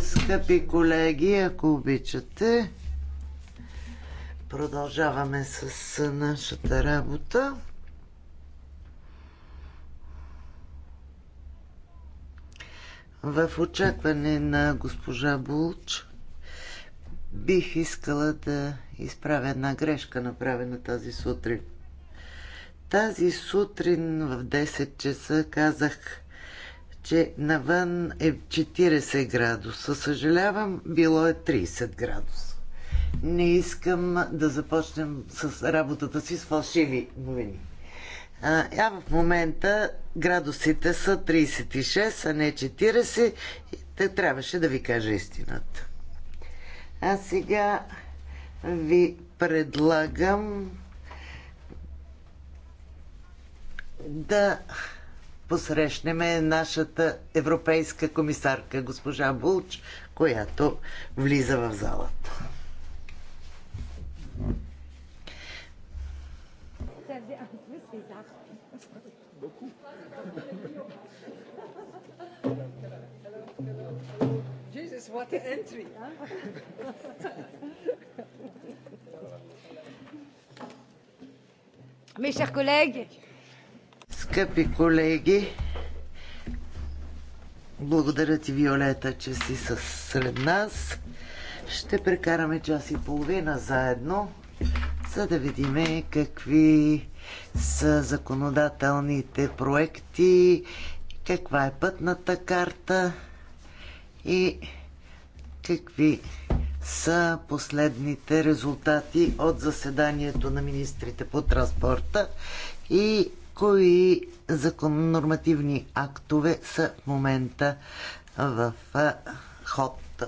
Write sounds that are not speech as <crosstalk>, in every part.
Скъпи колеги, ако обичате, продължаваме с нашата работа. В очакване на госпожа Булч бих искала да изправя една грешка, направена тази сутрин. Тази сутрин в 10 часа казах че навън е 40 градуса. Съжалявам, било е 30 градуса. Не искам да започнем с работата си с фалшиви новини. А, а в момента градусите са 36, а не 40. И те трябваше да ви кажа истината. А сега ви предлагам да посрещнем нашата европейска комисарка, госпожа Булч, която влиза в залата. Jesus, what an entry! Mes chers collègues, Скъпи колеги, благодаря ти, Виолета, че си сред нас. Ще прекараме час и половина заедно, за да видим какви са законодателните проекти, каква е пътната карта и какви са последните резултати от заседанието на министрите по транспорта и кои закон, актове са в момента в ход.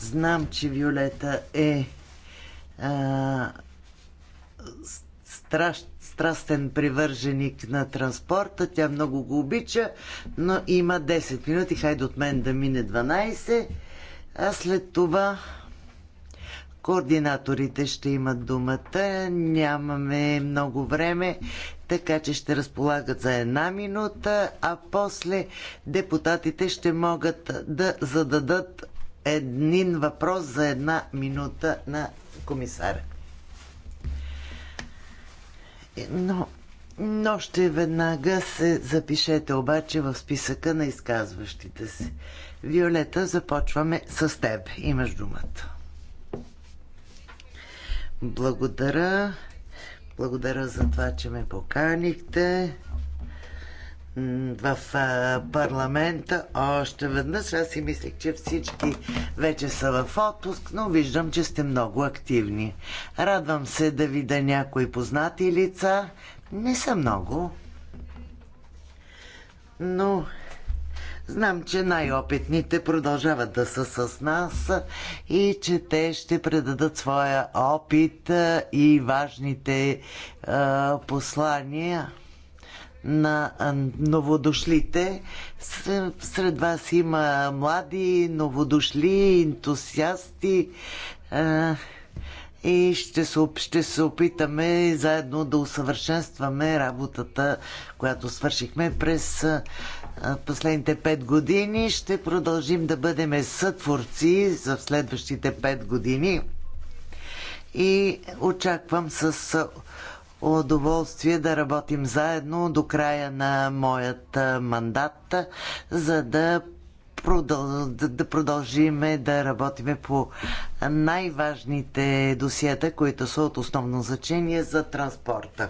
Знам, че Виолета е а, страш, страстен привърженик на транспорта. Тя много го обича, но има 10 минути. Хайде от мен да мине 12. А след това Координаторите ще имат думата. Нямаме много време, така че ще разполагат за една минута, а после депутатите ще могат да зададат един въпрос за една минута на комисаря. Но, но ще веднага се запишете обаче в списъка на изказващите се. Виолета, започваме с теб. Имаш думата. Благодаря. Благодаря за това, че ме поканихте в парламента още веднъж. Аз си мислих, че всички вече са в отпуск, но виждам, че сте много активни. Радвам се да видя някои познати лица. Не са много, но Знам, че най-опитните продължават да са с нас и че те ще предадат своя опит и важните послания на новодошлите. Сред вас има млади, новодошли, ентусиасти и ще се, ще се опитаме заедно да усъвършенстваме работата, която свършихме през последните пет години. Ще продължим да бъдем сътворци за следващите пет години. И очаквам с удоволствие да работим заедно до края на моят мандат, за да, да продължиме да работиме по най-важните досиета, които са от основно значение за транспорта.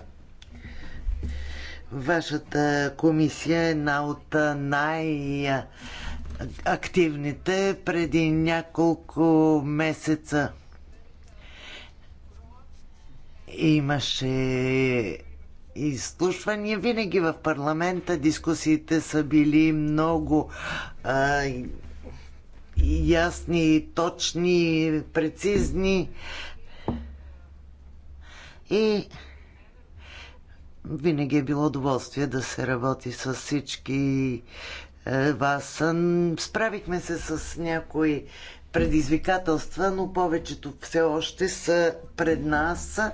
Вашата комисия е една от най-активните преди няколко месеца. Имаше изслушвания. Винаги в парламента дискусиите са били много а, ясни, точни, прецизни. И винаги е било удоволствие да се работи с всички е, вас. Справихме се с някои предизвикателства, но повечето все още са пред нас. Е,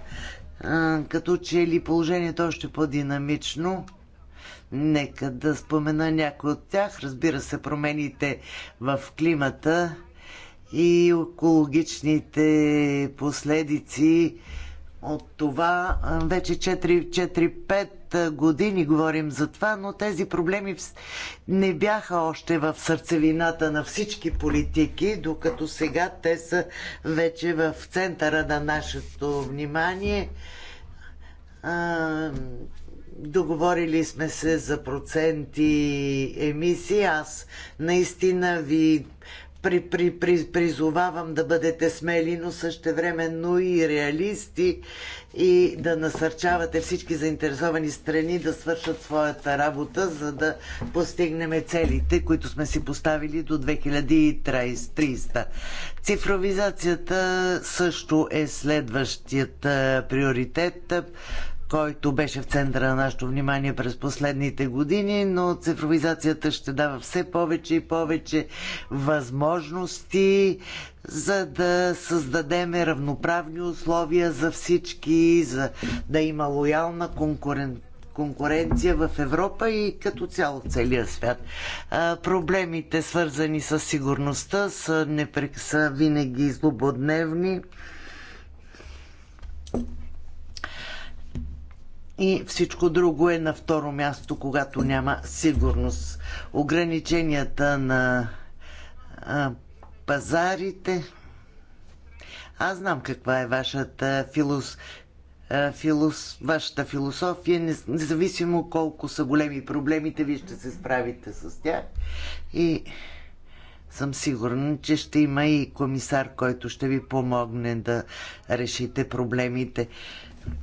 като че ли положението е още по-динамично. Нека да спомена някои от тях. Разбира се, промените в климата и екологичните последици от това. Вече 4-5 години говорим за това, но тези проблеми не бяха още в сърцевината на всички политики, докато сега те са вече в центъра на нашето внимание. Договорили сме се за проценти емисии. Аз наистина ви при, при, при, призовавам да бъдете смели, но същевременно и реалисти и да насърчавате всички заинтересовани страни да свършат своята работа, за да постигнем целите, които сме си поставили до 2030. Цифровизацията също е следващият приоритет който беше в центъра на нашето внимание през последните години, но цифровизацията ще дава все повече и повече възможности, за да създадем равноправни условия за всички, за да има лоялна конкуренция конкуренция в Европа и като цяло в целия свят. А, проблемите, свързани с сигурността, са, непрек... са винаги злободневни и всичко друго е на второ място, когато няма сигурност. Ограниченията на а, пазарите. Аз знам каква е вашата филос, филос, вашата философия. Независимо колко са големи проблемите, вие ще се справите с тях. И съм сигурна, че ще има и комисар, който ще ви помогне да решите проблемите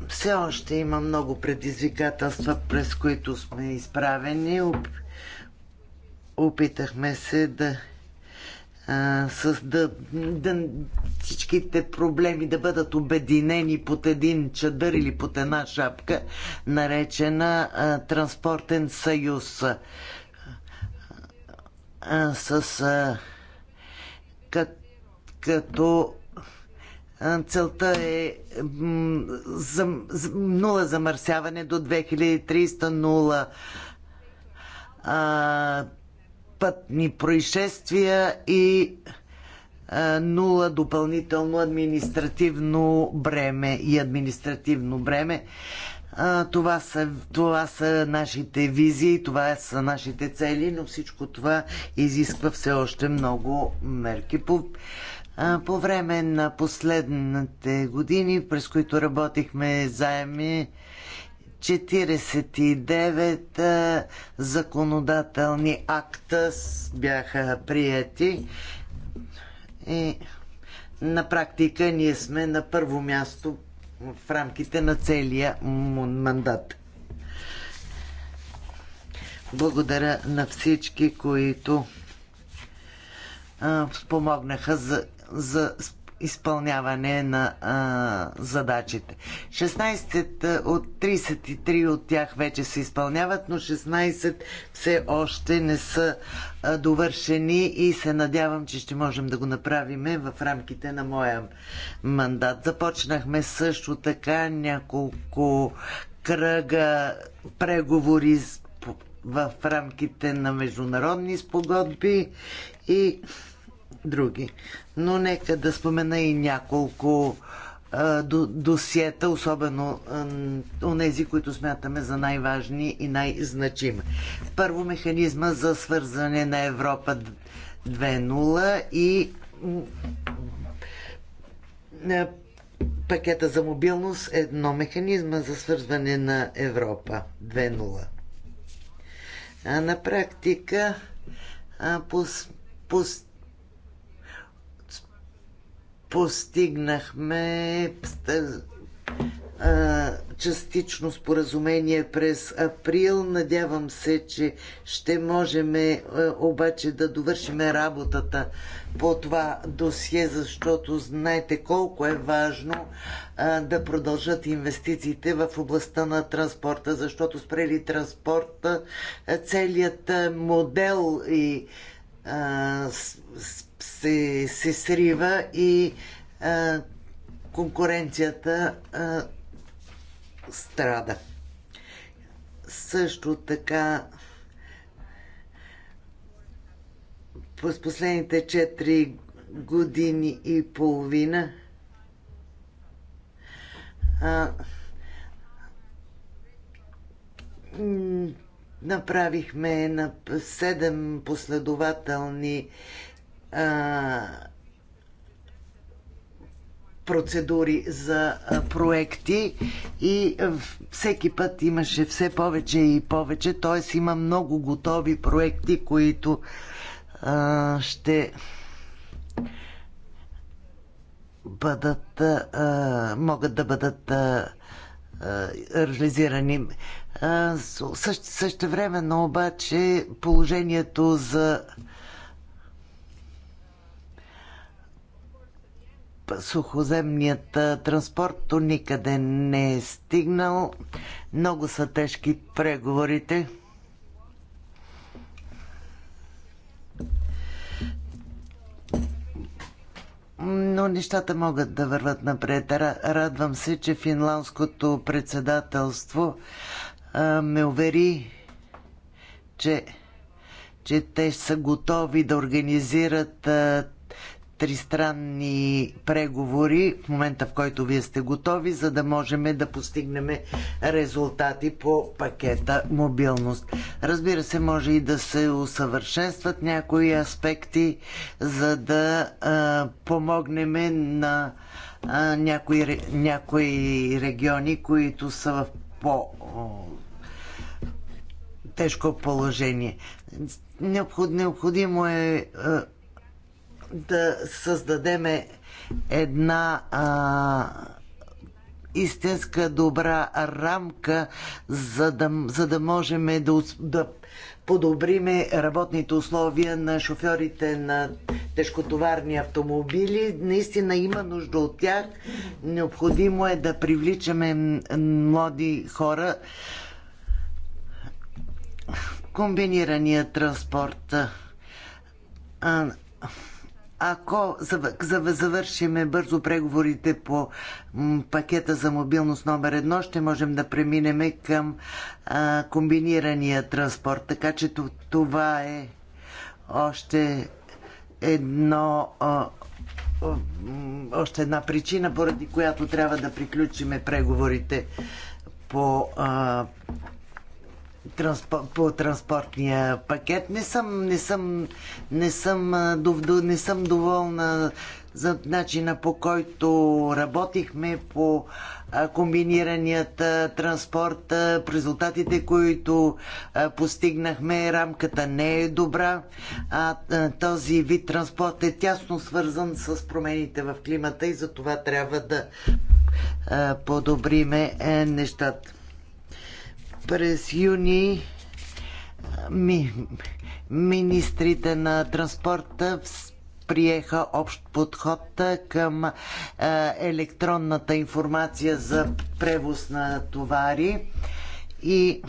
все още има много предизвикателства, през които сме изправени. Опитахме се да с да, да, всичките проблеми да бъдат обединени под един чадър или под една шапка, наречена а, Транспортен съюз. А, с а, като Целта е нула замърсяване до 2300, нула пътни происшествия и нула допълнително административно бреме и административно бреме. Това са, това са нашите визии, това са нашите цели, но всичко това изисква все още много мерки. По, по време на последните години, през които работихме заеми, 49 законодателни акта бяха прияти. И на практика ние сме на първо място в рамките на целия мандат. Благодаря на всички, които спомогнаха за за изпълняване на а, задачите. 16 от 33 от тях вече се изпълняват, но 16 все още не са а, довършени и се надявам, че ще можем да го направим в рамките на моя мандат. Започнахме също така няколко кръга преговори в рамките на международни спогодби и други. Но нека да спомена и няколко досиета, особено нези, които смятаме за най-важни и най-значими. Първо механизма за свързване на Европа 2.0 и пакета за мобилност едно механизма за свързване на Европа 2.0. А на практика а, пос, пос, постигнахме частично споразумение през април. Надявам се, че ще можем обаче да довършим работата по това досие, защото знаете колко е важно да продължат инвестициите в областта на транспорта, защото спрели транспорта целият модел и се, се срива и а, конкуренцията а, страда. Също така през последните 4 години и половина а, направихме на 7 последователни а, процедури за проекти и всеки път имаше все повече и повече, т.е. има много готови проекти, които а, ще бъдат, а, могат да бъдат а, реализирани. Също, също времено обаче положението за сухоземният транспорт до никъде не е стигнал. Много са тежки преговорите. но нещата могат да върват напред. Радвам се, че финландското председателство а, ме увери, че, че те са готови да организират а, тристранни преговори в момента, в който вие сте готови, за да можем да постигнем резултати по пакета мобилност. Разбира се, може и да се усъвършенстват някои аспекти, за да а, помогнем на а, някои, някои региони, които са в по тежко положение. Необходимо е да създадеме една а, истинска добра рамка, за да, за да можем да, да подобриме работните условия на шофьорите на тежкотоварни автомобили. Наистина има нужда от тях. Необходимо е да привличаме млади хора. Комбинирания транспорт ако завършиме бързо преговорите по пакета за мобилност номер едно, ще можем да преминем към комбинирания транспорт. Така че това е още едно още една причина, поради която трябва да приключиме преговорите по транспор, по транспортния пакет. Не съм, не съм, не съм, не съм доволна за начина по който работихме по комбинираният транспорт, резултатите, които постигнахме, рамката не е добра. А този вид транспорт е тясно свързан с промените в климата и за това трябва да подобриме е, нещата. През юни ми, министрите на транспорта приеха общ подход към е, електронната информация за превоз на товари. И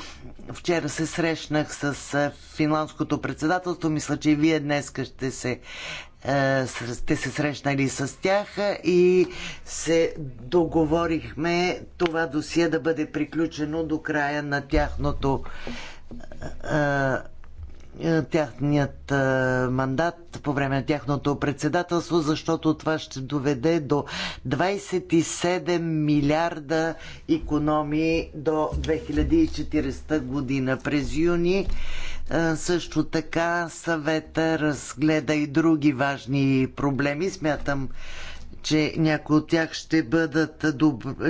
вчера се срещнах с финландското председателство. Мисля, че и вие днес ще се е, сте се срещнали с тях е, и се договорихме това досие да бъде приключено до края на тяхното е, тяхният мандат по време на тяхното председателство, защото това ще доведе до 27 милиарда економии до 2040 година. През юни е, също така съвета разгледа и други важни проблеми. Смятам, че някои от тях ще бъдат,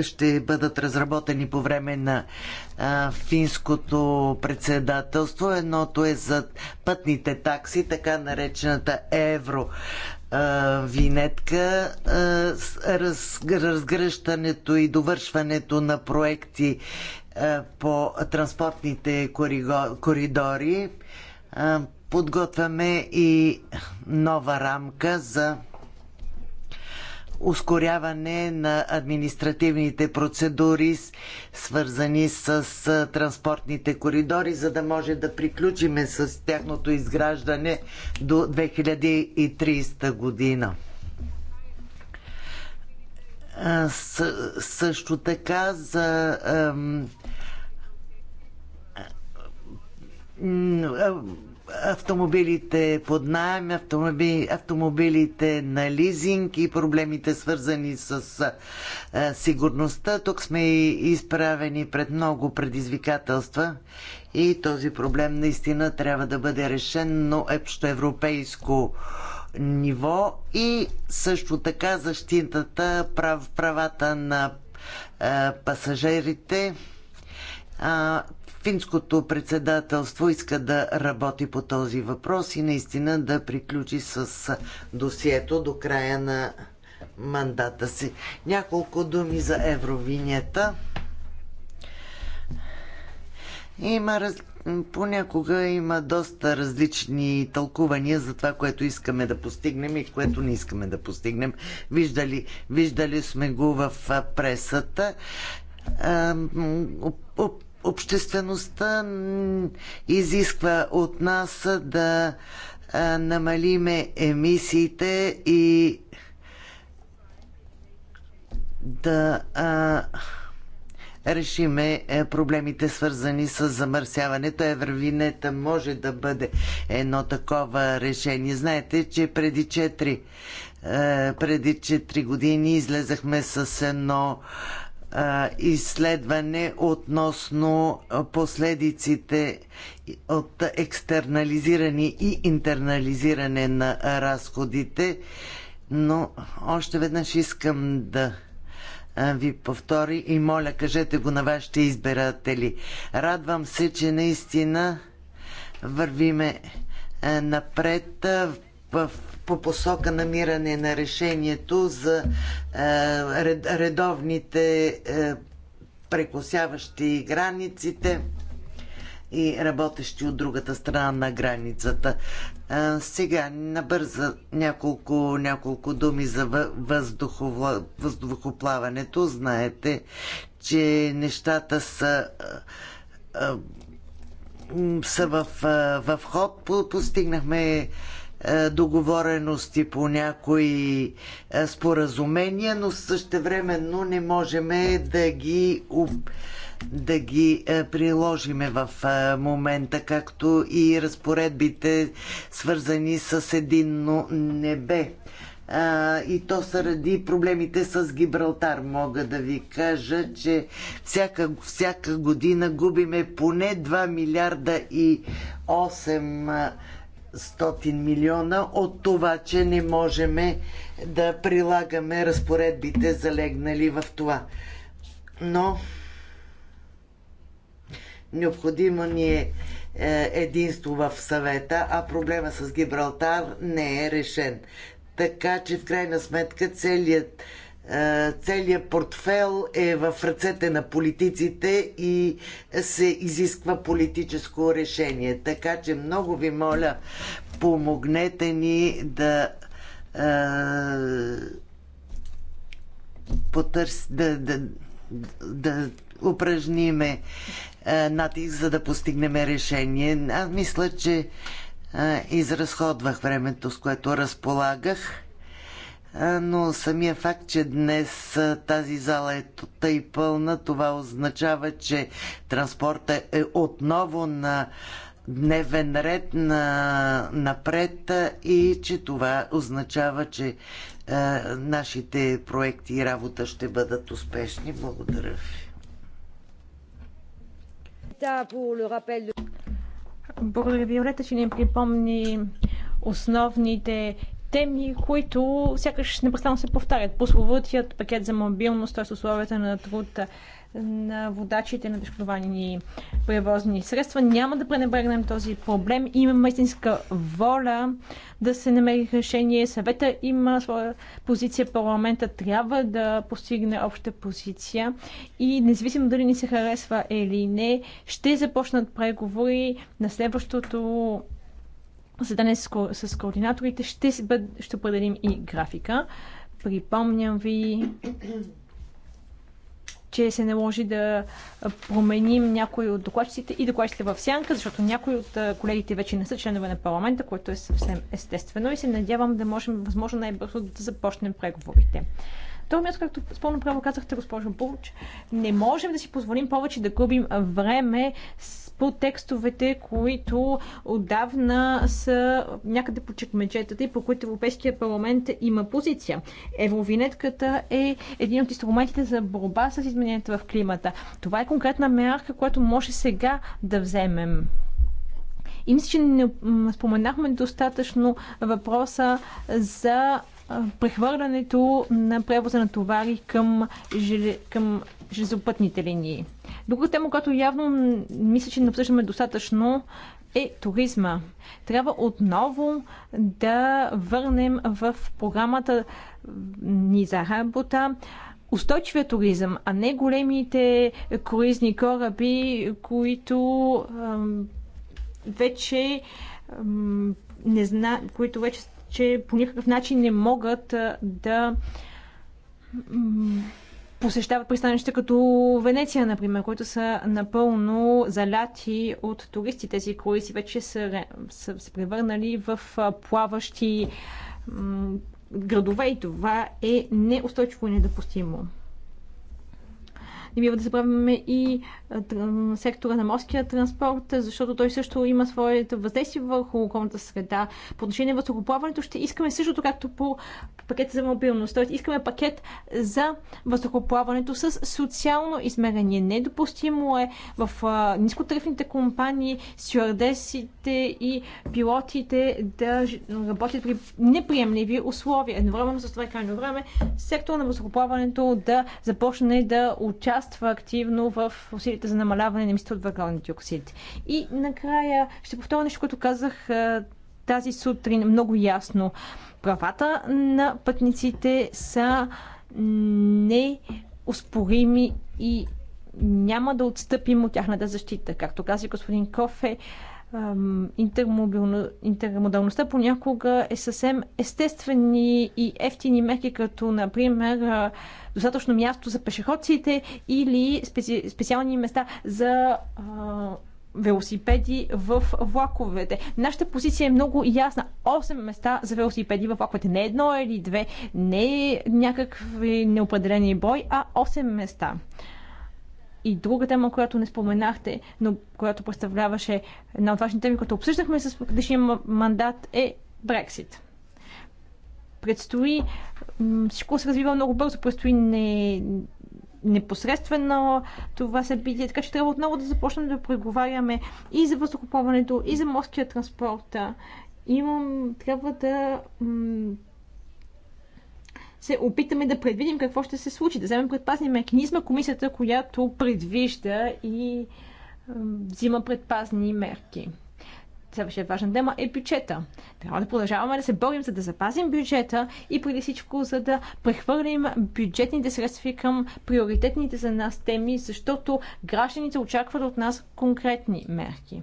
ще бъдат разработени по време на а, е, финското председателство. Едното е за пътните такси, така наречената евро а, е, винетка, а, раз, разгръщането и довършването на проекти е, по транспортните коридори. Е, подготвяме и нова рамка за ускоряване на административните процедури, свързани с транспортните коридори, за да може да приключиме с тяхното изграждане до 2030 година. Е, също така за автомобилите под найем, автомобили, автомобилите на лизинг и проблемите свързани с а, сигурността. Тук сме изправени пред много предизвикателства и този проблем наистина трябва да бъде решен, но европейско ниво и също така защитата прав, правата на а, пасажирите. А, финското председателство иска да работи по този въпрос и наистина да приключи с досието до края на мандата си. Няколко думи за евровинята. Има раз... Понякога има доста различни тълкувания за това, което искаме да постигнем и което не искаме да постигнем. Виждали, виждали сме го в пресата обществеността изисква от нас да намалиме емисиите и да а, решиме е, проблемите свързани с замърсяването. Евровинета може да бъде едно такова решение. Знаете, че преди 4 е, преди 4 години излезахме с едно изследване относно последиците от екстернализиране и интернализиране на разходите, но още веднъж искам да ви повтори и моля, кажете го на вашите избиратели. Радвам се, че наистина вървиме напред в по посока намиране на решението за е, редовните е, прекосяващи границите и работещи от другата страна на границата. Е, сега набърза няколко, няколко думи за въздухоплаването. Знаете, че нещата са, са в, в ход. Постигнахме е, договорености по някои е, споразумения, но същевременно не можем да ги, да ги е, приложиме в момента, както и разпоредбите свързани с единно небе и то заради проблемите с Гибралтар. Мога да ви кажа, че всяка, всяка година губиме поне 2 милиарда и 8 500 милиона от това, че не можем да прилагаме разпоредбите залегнали в това. Но необходимо ни е, е единство в съвета, а проблема с Гибралтар не е решен. Така че в крайна сметка целият е, целият портфел е в ръцете на политиците и се изисква политическо решение. Така че много ви моля, помогнете ни да е, потърс, да, да, да упражниме е, натиск, за да постигнем решение. Аз мисля, че изразходвах времето, с което разполагах но самия факт, че днес тази зала е тъй пълна, това означава, че транспорта е отново на дневен ред на, напред и че това означава, че е, нашите проекти и работа ще бъдат успешни. Благодаря ви. Благодаря ви, Олета, че ни припомни основните теми, които сякаш непрестанно се повтарят. Пословутият пакет за мобилност, т.е. условията на труд на водачите на тежкотоварни превозни средства. Няма да пренебрегнем този проблем. Имаме истинска воля да се намери решение. Съвета има своя позиция, парламента трябва да постигне обща позиция и независимо дали ни се харесва или не, ще започнат преговори на следващото задане с, с координаторите ще, си бъд, ще определим и графика. Припомням ви, че се наложи да променим някои от докладчиците и докладчиците в сянка, защото някои от колегите вече не са членове на парламента, което е съвсем естествено и се надявам да можем възможно най-бързо да започнем преговорите. Второ място, както с право казахте, госпожо Бурч, не можем да си позволим повече да губим време с по текстовете, които отдавна са някъде по чекмеджетата и по които Европейския парламент има позиция. Евровинетката е един от инструментите за борба с измененията в климата. Това е конкретна мярка, която може сега да вземем. И мисля, че не споменахме достатъчно въпроса за прехвърлянето на превоза на товари към, жел... към железопътните линии. Друга тема, която явно мисля, че не обсъждаме достатъчно, е туризма. Трябва отново да върнем в програмата ни за работа устойчивия туризъм, а не големите круизни кораби, които ам, вече ам, не зна, които вече че по никакъв начин не могат а, да ам, посещават пристанища като Венеция, например, които са напълно заляти от туристи. Тези круизи вече са, са се превърнали в плаващи градове и това е неустойчиво и недопустимо. Не бива да забравяме и сектора на морския транспорт, защото той също има своето въздействие върху околната среда. По отношение на въздухоплаването ще искаме същото, както по пакет за мобилност. Тоест искаме пакет за въздухоплаването с социално измерение. Недопустимо е в нискотарифните компании, стюардесите и пилотите да работят при неприемливи условия. Едновременно с това е крайно време сектора на въздухоплаването да започне да участва участва активно в усилите за намаляване на мисто от въглероден диоксид. И накрая ще повторя нещо, което казах тази сутрин много ясно. Правата на пътниците са неоспорими и няма да отстъпим от тяхната защита. Както каза господин Кофе, интермодалността понякога е съвсем естествени и ефтини мерки, като например достатъчно място за пешеходците или специ... специални места за велосипеди в влаковете. Нашата позиция е много ясна. 8 места за велосипеди в влаковете. Не едно или две, не някакви неопределени бой, а 8 места и друга тема, която не споменахте, но която представляваше една от важните теми, която обсъждахме с предишния мандат, е Брексит. Предстои, всичко се развива много бързо, предстои не, непосредствено това събитие, така че трябва отново да започнем да преговаряме и за въздухоплаването, и за морския транспорт. Имам, трябва да се опитаме да предвидим какво ще се случи, да вземем предпазни механизма комисията, която предвижда и взима предпазни мерки. Следващия важна тема е бюджета. Трябва да продължаваме да се борим, за да запазим бюджета и преди всичко, за да прехвърлим бюджетните средства към приоритетните за нас теми, защото гражданите очакват от нас конкретни мерки.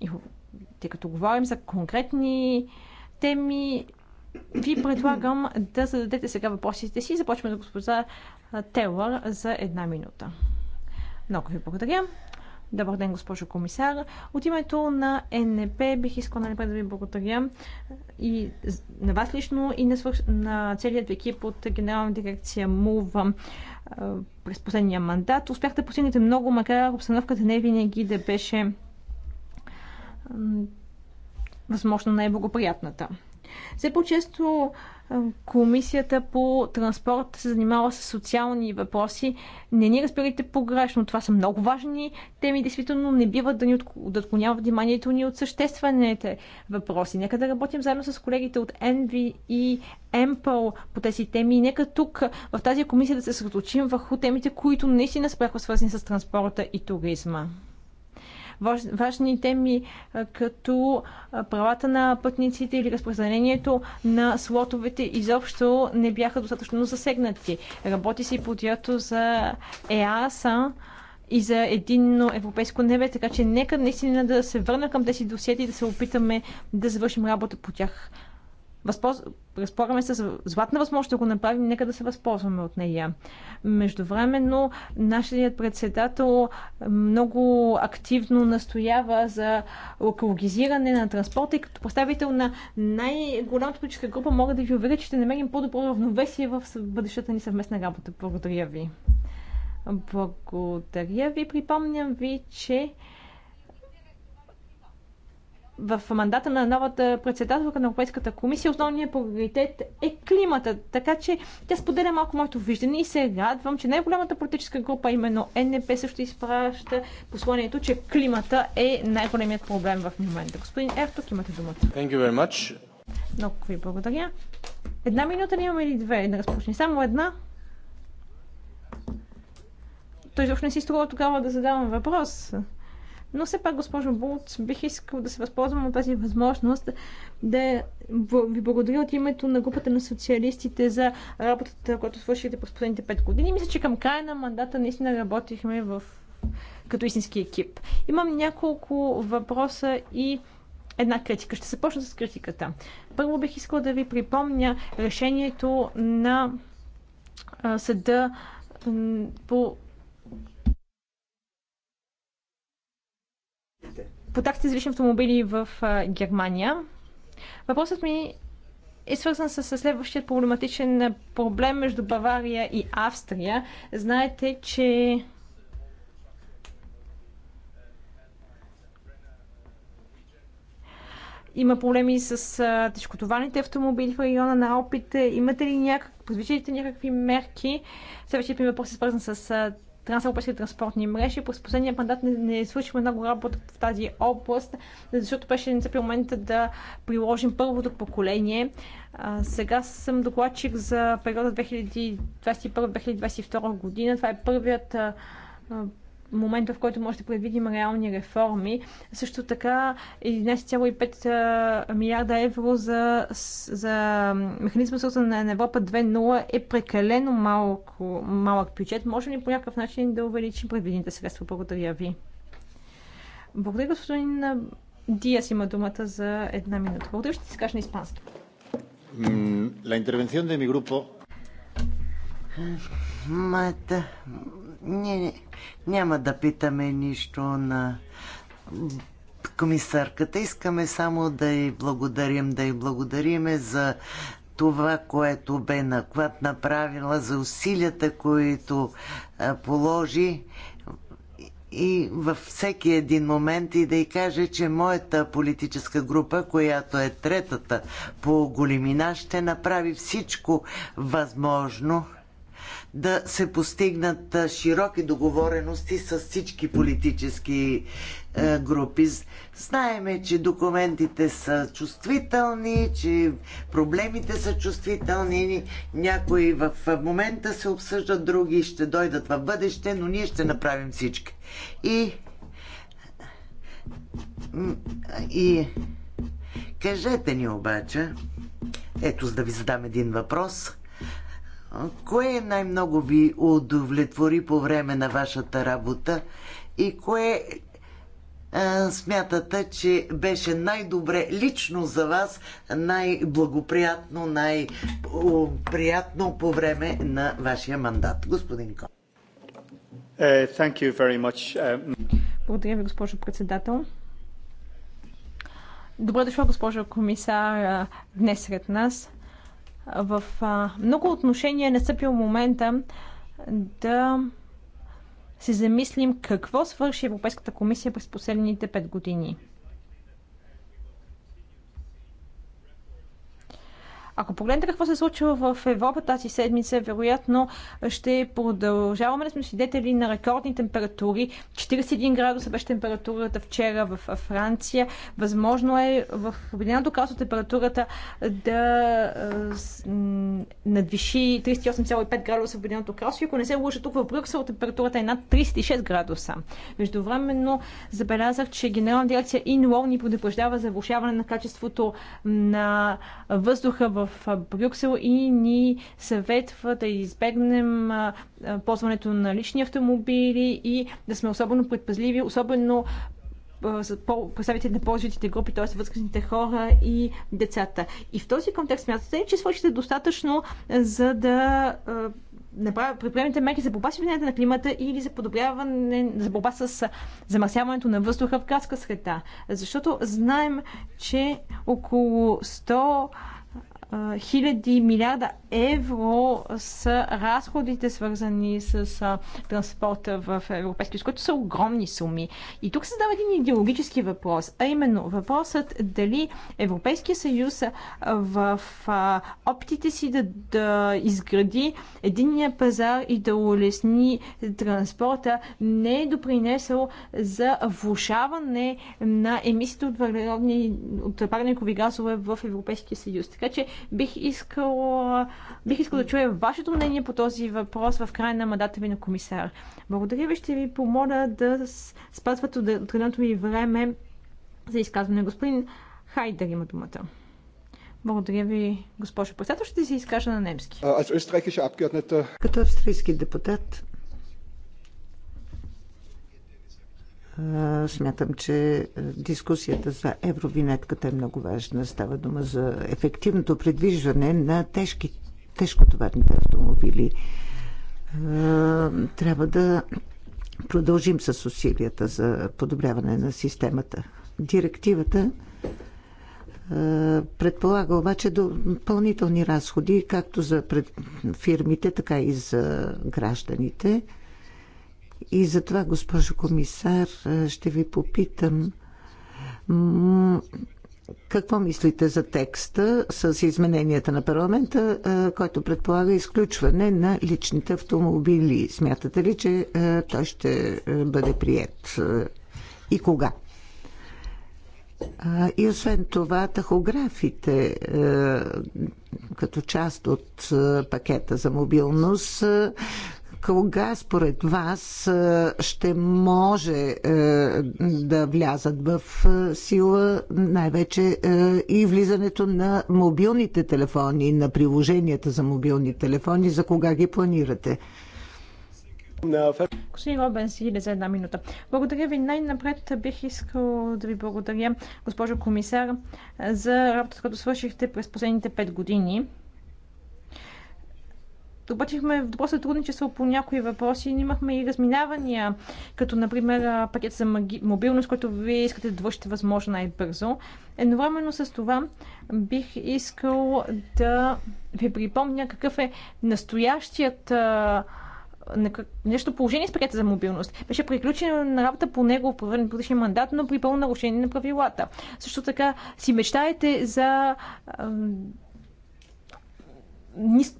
И тъй като говорим за конкретни теми, ви предлагам да зададете сега въпросите си. Започваме с госпожа Телър за една минута. Много ви благодаря. Добър ден, госпожо комисар. От името на НП бих искала най-напред да ви благодаря и на вас лично и на, свърш... на целият екип от Генерална дирекция МУВ през последния мандат. Успяхте да постигнете много, макар обстановката не винаги да беше възможно най-благоприятната. Все по-често Комисията по транспорт се занимава с социални въпроси. Не ни разбирайте погрешно. Това са много важни теми. Действително не бива да ни отклонява вниманието ни от съществените въпроси. Нека да работим заедно с колегите от Envy и Ample по тези теми. Нека тук в тази комисия да се съсредоточим върху темите, които наистина са свързани с транспорта и туризма важни теми като правата на пътниците или разпространението на слотовете изобщо не бяха достатъчно засегнати. Работи се по подиято за ЕАСА и за единно европейско небе, така че нека наистина да се върна към тези досети и да се опитаме да завършим работа по тях възполз... разполагаме с златна възможност да го направим, нека да се възползваме от нея. Междувременно, нашият председател много активно настоява за екологизиране на транспорта и като представител на най-голямата политическа група мога да ви уверя, че ще намерим по-добро равновесие в бъдещата ни съвместна работа. Благодаря ви. Благодаря ви. Припомням ви, че в мандата на новата председателка на Европейската комисия основният приоритет е климата. Така че тя споделя малко моето виждане и се радвам, че най-голямата политическа група, именно НП, също изпраща посланието, че климата е най-големият проблем в момента. Господин Ерток, имате думата. Thank you very much. Много ви благодаря. Една минута ли имаме или две? Да разпочне само една. Той изобщо не си струва тогава да задавам въпрос. Но все пак, госпожо Булт, бих искал да се възползвам от тази възможност да ви благодаря от името на групата на социалистите за работата, която свършихте през последните 5 години. Мисля, че към края на мандата наистина работихме в... като истински екип. Имам няколко въпроса и една критика. Ще започна с критиката. Първо бих искал да ви припомня решението на съда по по таксите за лични автомобили в Германия. Въпросът ми е свързан с следващия проблематичен проблем между Бавария и Австрия. Знаете, че Има проблеми с а, тежкотоварните автомобили в района на Алпите. Имате ли някак... Подвиждате някакви мерки? Следващия ми въпрос е свързан с а, трансевропейски транспортни мрежи. През последния мандат не, не свършихме много работа в тази област, защото беше цепи момента да приложим първото поколение. А, сега съм докладчик за периода 2021-2022 година. Това е първият а, момента, в който може да предвидим реални реформи. Също така 11,5 милиарда евро за, за механизма свързан на Европа 2.0 е прекалено малко, малък бюджет. Може ли по някакъв начин да увеличим предвидените средства? Благодаря ви. Благодаря, господин Диас има думата за една минута. Благодаря, ще ти скажа на испански. La intervención de mi grupo Мата, ние няма да питаме нищо на комисарката. Искаме само да й благодарим, да й благодариме за това, което бе клад направила, за усилията, които положи и във всеки един момент и да й каже, че моята политическа група, която е третата по големина, ще направи всичко възможно – да се постигнат широки договорености с всички политически е, групи. Знаеме, че документите са чувствителни, че проблемите са чувствителни. Някои в момента се обсъждат, други ще дойдат в бъдеще, но ние ще направим всички. И. И. Кажете ни обаче, ето за да ви задам един въпрос Кое най-много ви удовлетвори по време на вашата работа и кое а, смятате, че беше най-добре лично за вас, най-благоприятно, най-приятно по време на вашия мандат? Господин Ко. Е, е, Благодаря ви, госпожо председател. Добре дошла, госпожо комисар, е, днес сред нас в много отношения е настъпил момента да се замислим какво свърши Европейската комисия през последните 5 години. Ако погледнете какво се случва в Европа тази седмица, вероятно ще продължаваме да сме свидетели на рекордни температури. 41 градуса беше температурата вчера в Франция. Възможно е в Обединеното кралство температурата да надвиши 38,5 градуса в Обединеното кралство. Ако не се лъжа тук в Брюксел, температурата е над 36 градуса. Междувременно забелязах, че генерална дирекция ИНЛО ни предупреждава за влушаване на качеството на въздуха в в Брюксел и ни съветва да избегнем ползването на лични автомобили и да сме особено предпазливи, особено представителите на по групи, т.е. възрастните хора и децата. И в този контекст смятате ли, че свършите достатъчно, за да предприемете мерки за борба с на климата или за подобряване, за борба с замърсяването на въздуха в градска среда. Защото знаем, че около 100 хиляди милиарда евро са разходите, свързани с транспорта в Европейския съюз, които са огромни суми. И тук се задава един идеологически въпрос, а именно въпросът дали Европейския съюз в оптите си да, да изгради единния пазар и да улесни транспорта не е допринесъл за влушаване на емисиите от от парникови газове в Европейския съюз. Така че Бих искала, бих искала да чуя вашето мнение по този въпрос в края на мандата ви на комисар. Благодаря ви, ще ви помоля да спазвате отреденото ми време за изказване. Господин Хайдер има думата. Благодаря ви, госпожо председател. Ще се изкажа на немски. Като австрийски депутат, Смятам, че дискусията за евровинетката е много важна. Става дума за ефективното предвижване на тежки, тежкотоварните автомобили. Трябва да продължим с усилията за подобряване на системата. Директивата предполага обаче допълнителни разходи, както за фирмите, така и за гражданите – и затова, госпожо комисар, ще ви попитам какво мислите за текста с измененията на парламента, който предполага изключване на личните автомобили? Смятате ли, че той ще бъде прият? И кога? И освен това, тахографите като част от пакета за мобилност кога според вас е, ще може е, да влязат в е, сила най-вече и влизането на мобилните телефони, на приложенията за мобилни телефони, за кога ги планирате? Господин Робен, си за една минута. Благодаря ви. Най-напред бих искал да ви благодаря, госпожо комисар, за работата, която свършихте през последните пет години работихме в добро сътрудничество по някои въпроси. Имахме и разминавания, като например пакет за мобилност, който вие искате да вършите възможно най-бързо. Едновременно с това бих искал да ви припомня какъв е настоящият нещо положение с пакета за мобилност. Беше приключена на работа по него в предишния мандат, но при пълно нарушение на правилата. Също така си мечтаете за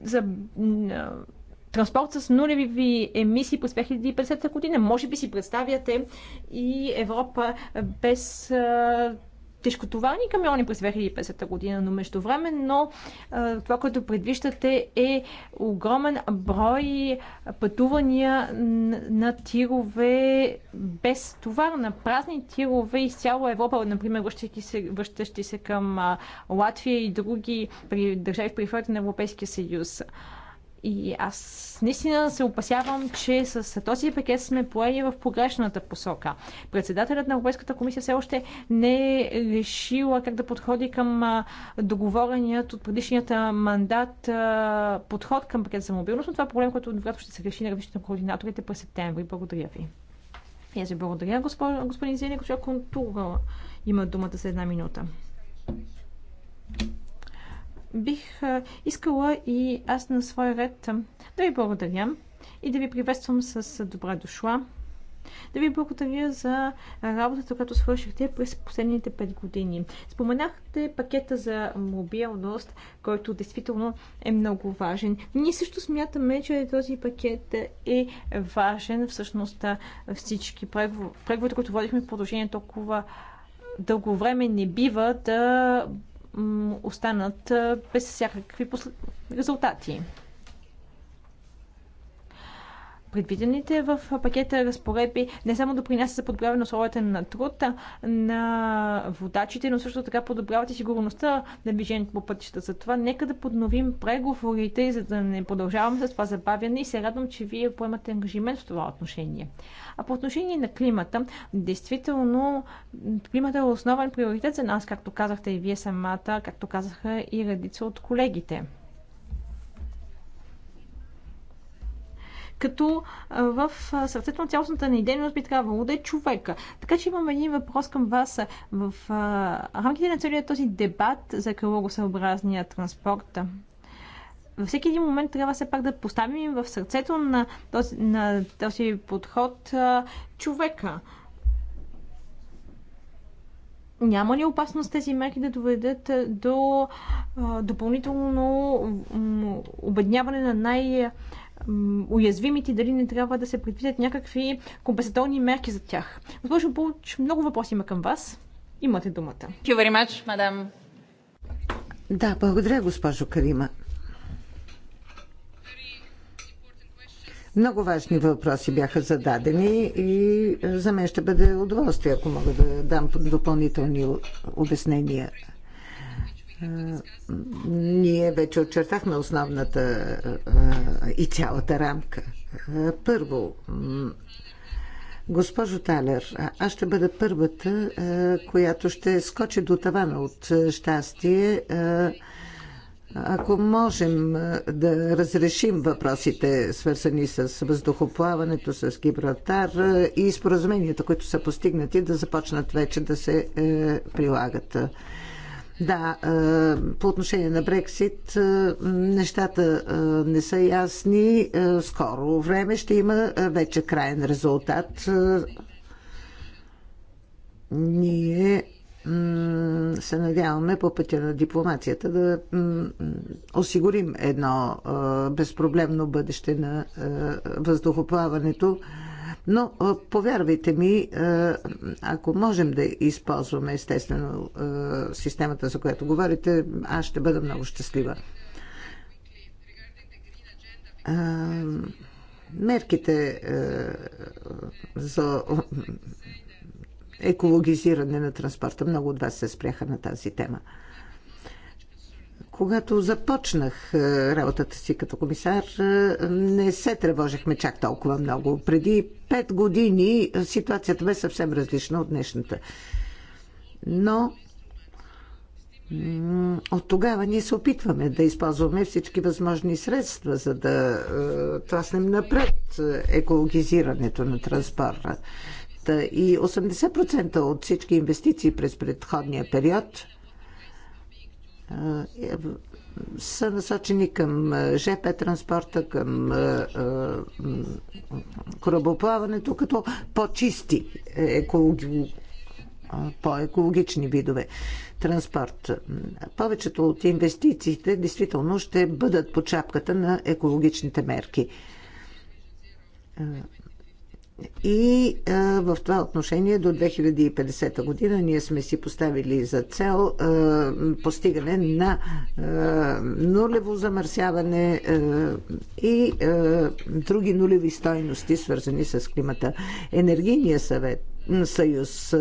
за транспорт с нулеви емисии през 2050 година. Може би си представяте и Европа без тежкотоварни камиони през 2050 година, но междувременно това, което предвиждате е огромен брой пътувания на тирове без товар, на празни тирове из цяла Европа, например, връщащи се, връщащи се към Латвия и други държави в периферията на Европейския съюз. И аз наистина се опасявам, че с този пакет сме поели в погрешната посока. Председателят на Европейската комисия все още не е решила как да подходи към договореният от предишнията мандат подход към пакет за мобилност, но това е проблем, който вероятно ще се реши на равнището на координаторите през септември. Благодаря ви. И аз ви благодаря, господин Зене, че Контура има думата за една минута бих искала и аз на свой ред да ви благодаря и да ви приветствам с добра дошла. Да ви благодаря за работата, която свършихте през последните 5 години. Споменахте пакета за мобилност, който действително е много важен. Ние също смятаме, че този пакет е важен. Всъщност всички преговори, които водихме в продължение толкова дълго време не бива да останат без всякакви резултати. Предвидените в пакета разпоредби не само допринасят за подобряване на условията на труд на водачите, но също така подобряват и сигурността на движението по пътища. Затова нека да подновим преговорите, за да не продължаваме с това забавяне и се радвам, че вие поемате ангажимент в това отношение. А по отношение на климата, действително климата е основен приоритет за нас, както казахте и вие самата, както казаха и редица от колегите. като в сърцето на цялостната ни дейност би трябвало да е човека. Така че имам един въпрос към вас. В рамките на целият този дебат за калоросъобразния транспорт, във всеки един момент трябва все пак да поставим в сърцето на този, на този подход човека. Няма ли опасност тези мерки да доведат до допълнително обедняване на най- уязвимите, дали не трябва да се предвидят някакви компенсаторни мерки за тях. Госпожо Булч, много въпроси има към вас. Имате думата. Much, мадам. Да, благодаря, госпожо Карима. Много важни въпроси бяха зададени и е, за мен ще бъде удоволствие, ако мога да дам допълнителни обяснения ние вече очертахме основната и цялата рамка. Първо, госпожо Талер, аз ще бъда първата, която ще скочи до тавана от щастие. Ако можем да разрешим въпросите, свързани с въздухоплаването, с Гибралтар и споразуменията, които са постигнати, да започнат вече да се е, прилагат. Да, е, по отношение на Брексит е, нещата е, не са ясни. Скоро време ще има вече крайен резултат. Ние се надяваме по пътя на дипломацията да осигурим едно безпроблемно бъдеще на въздухоплаването но повярвайте ми, ако можем да използваме естествено системата, за която говорите, аз ще бъда много щастлива. Мерките за екологизиране на транспорта. Много от вас се спряха на тази тема. Когато започнах е, работата си като комисар, е, не се тревожихме чак толкова много. Преди пет години е, ситуацията бе съвсем различна от днешната. Но от тогава ние се опитваме да използваме всички възможни средства, за да тласнем напред екологизирането на транспорта. И 80% от всички инвестиции през предходния период – са насочени към ЖП транспорта, към корабоплаването, като по-чисти екологи, по-екологични видове транспорт. Повечето от инвестициите действително ще бъдат по чапката на екологичните мерки. И а, в това отношение до 2050 година ние сме си поставили за цел а, постигане на а, нулево замърсяване а, и а, други нулеви стойности, свързани с климата. Енергийния съвет съюз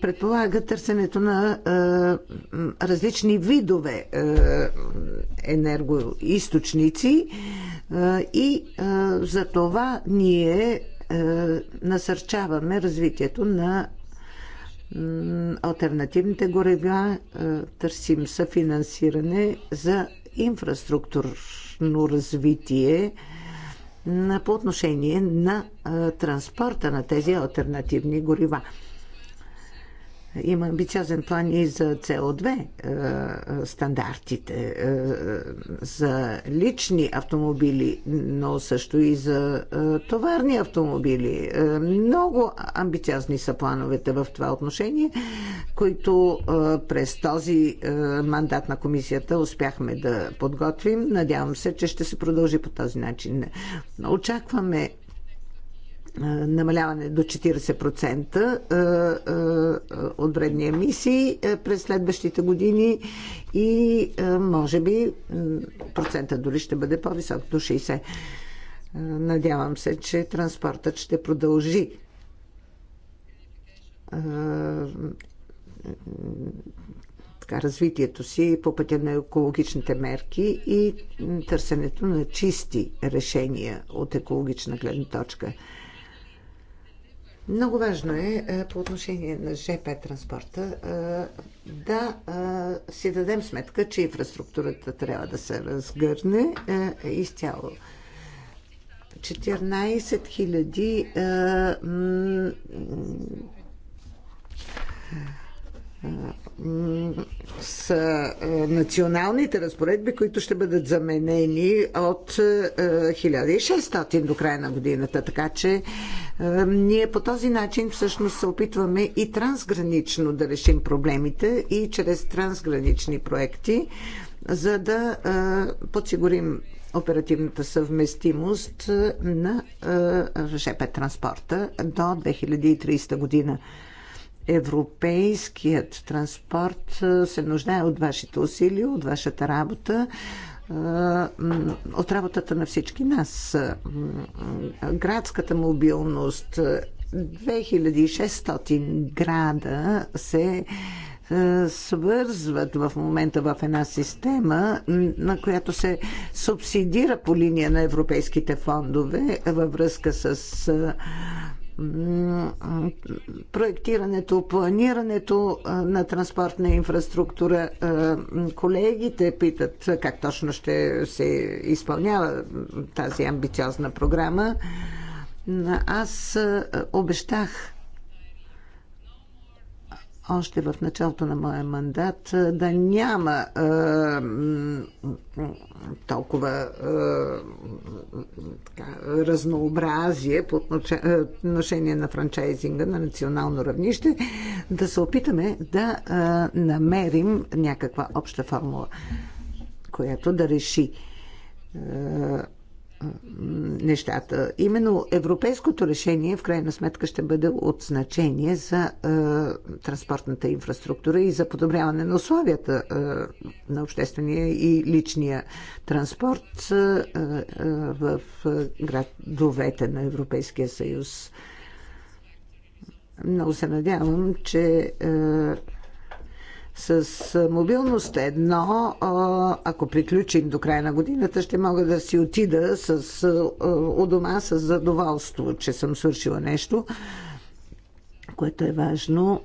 предполага търсенето на а, различни видове а, енергоисточници а, и а, за това ние а, насърчаваме развитието на альтернативните горива, търсим съфинансиране за инфраструктурно развитие по отношение на транспорта на тези альтернативни горива. Има амбициозен план и за CO2 е, е, стандартите е, за лични автомобили, но също и за товарни автомобили. Много амбициозни са плановете в това отношение, които през този мандат на комисията успяхме да подготвим. Надявам се, че ще се продължи по този начин. Очакваме намаляване до 40% от вредни емисии през следващите години и може би процента дори ще бъде по-висок до 60%. Надявам се, че транспортът ще продължи така, развитието си по пътя на екологичните мерки и търсенето на чисти решения от екологична гледна точка. Много важно е, е по отношение на ЖП транспорта е, да е, си дадем сметка, че инфраструктурата трябва да се разгърне изцяло. 14 000 с е, националните разпоредби, които ще бъдат заменени от 1600 е, до края на годината. Така че е, ние по този начин всъщност се опитваме и трансгранично да решим проблемите и чрез трансгранични проекти, за да подсигурим оперативната съвместимост на ЖП транспорта до 2030 година европейският транспорт се нуждае от вашите усилия, от вашата работа, от работата на всички нас. Градската мобилност 2600 града се свързват в момента в една система, на която се субсидира по линия на европейските фондове във връзка с проектирането, планирането на транспортна инфраструктура. Колегите питат как точно ще се изпълнява тази амбициозна програма. Аз обещах още в началото на моя мандат е, да няма е, толкова е, така, разнообразие по е, отношение на франчайзинга на национално равнище, да се опитаме да е, намерим някаква обща формула, която да реши е, нещата. Именно европейското решение в крайна сметка ще бъде от значение за е, транспортната инфраструктура и за подобряване на условията е, на обществения и личния транспорт е, е, в градовете на Европейския съюз. Много се надявам, че е, с мобилност едно, ако приключим до края на годината, ще мога да си отида с, у дома с задоволство, че съм свършила нещо, което е важно.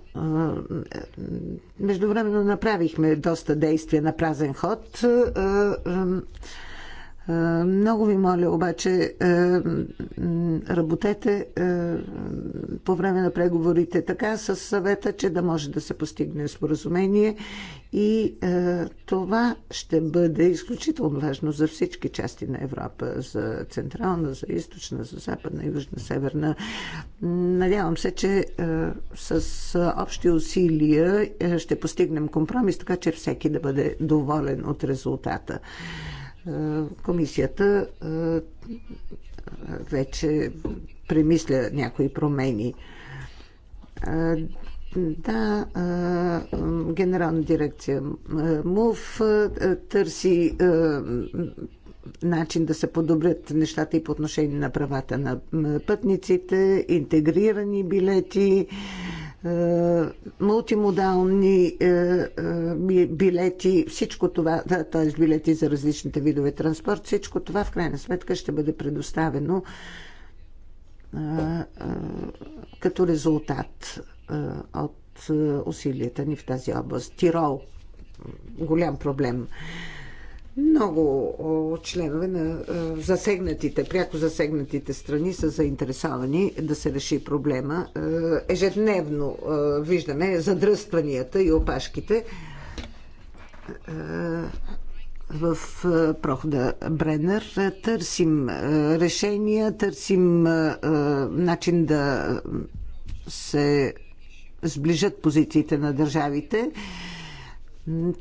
Междувременно направихме доста действия на празен ход е, много ви моля обаче, е, работете е, по време на преговорите така с съвета, че да може да се постигне споразумение и това ще бъде изключително важно за всички части на Европа, за Централна, за Източна, за Западна, Южна, Северна. Надявам се, че с общи усилия ще постигнем компромис, така че всеки да бъде доволен от резултата комисията е, вече премисля някои промени. Е, да, е, генерална дирекция МУВ търси начин да се подобрят нещата и по отношение на правата на пътниците, интегрирани билети, е, мултимодални е, е, билети, всичко това, т.е. билети за различните видове транспорт, всичко това в крайна сметка ще бъде предоставено като резултат от усилията ни в тази област. Тирол голям проблем. Много членове на е, засегнатите, пряко засегнатите страни са заинтересовани да се реши проблема. Е, ежедневно е, виждаме задръстванията и опашките в прохода Бренер. Търсим решения, търсим начин да се сближат позициите на държавите.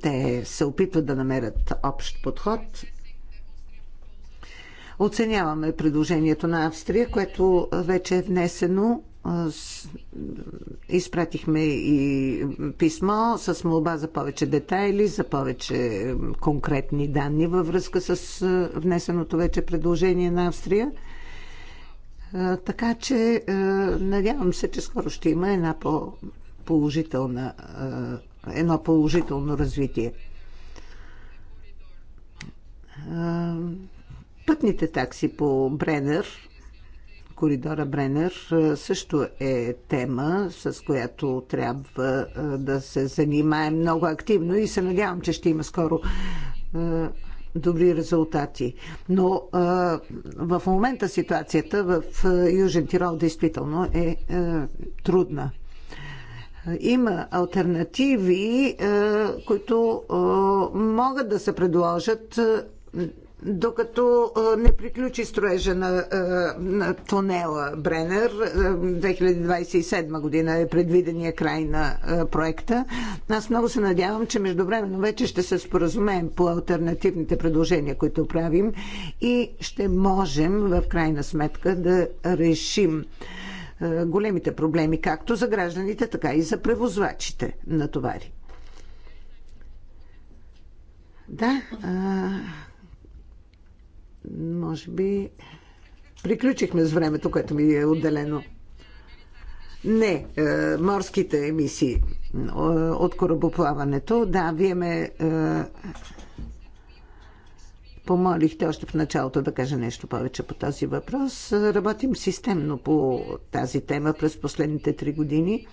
Те се опитват да намерят общ подход. Оценяваме предложението на Австрия, което вече е внесено изпратихме и писмо с молба за повече детайли, за повече конкретни данни във връзка с внесеното вече предложение на Австрия. Така че надявам се, че скоро ще има една по-положителна едно положително развитие. Пътните такси по Бренер, коридора Бренер, също е тема, с която трябва да се занимаем много активно и се надявам, че ще има скоро добри резултати. Но в момента ситуацията в Южен Тирол действително е трудна има альтернативи, е, които е, могат да се предложат е, докато не приключи строежа на, на тунела Бренер. 2027 година е предвидения край на проекта. Аз много се надявам, че междувременно вече ще се споразумеем по альтернативните предложения, които правим и ще можем в крайна сметка да решим е, големите проблеми, както за гражданите, така и за превозвачите на товари. Да, а, може би приключихме с времето, което ми е отделено. Не, е, морските емисии е, от корабоплаването. Да, вие ме помолихте още в началото да кажа нещо повече по този въпрос. Работим системно по тази тема през последните три години.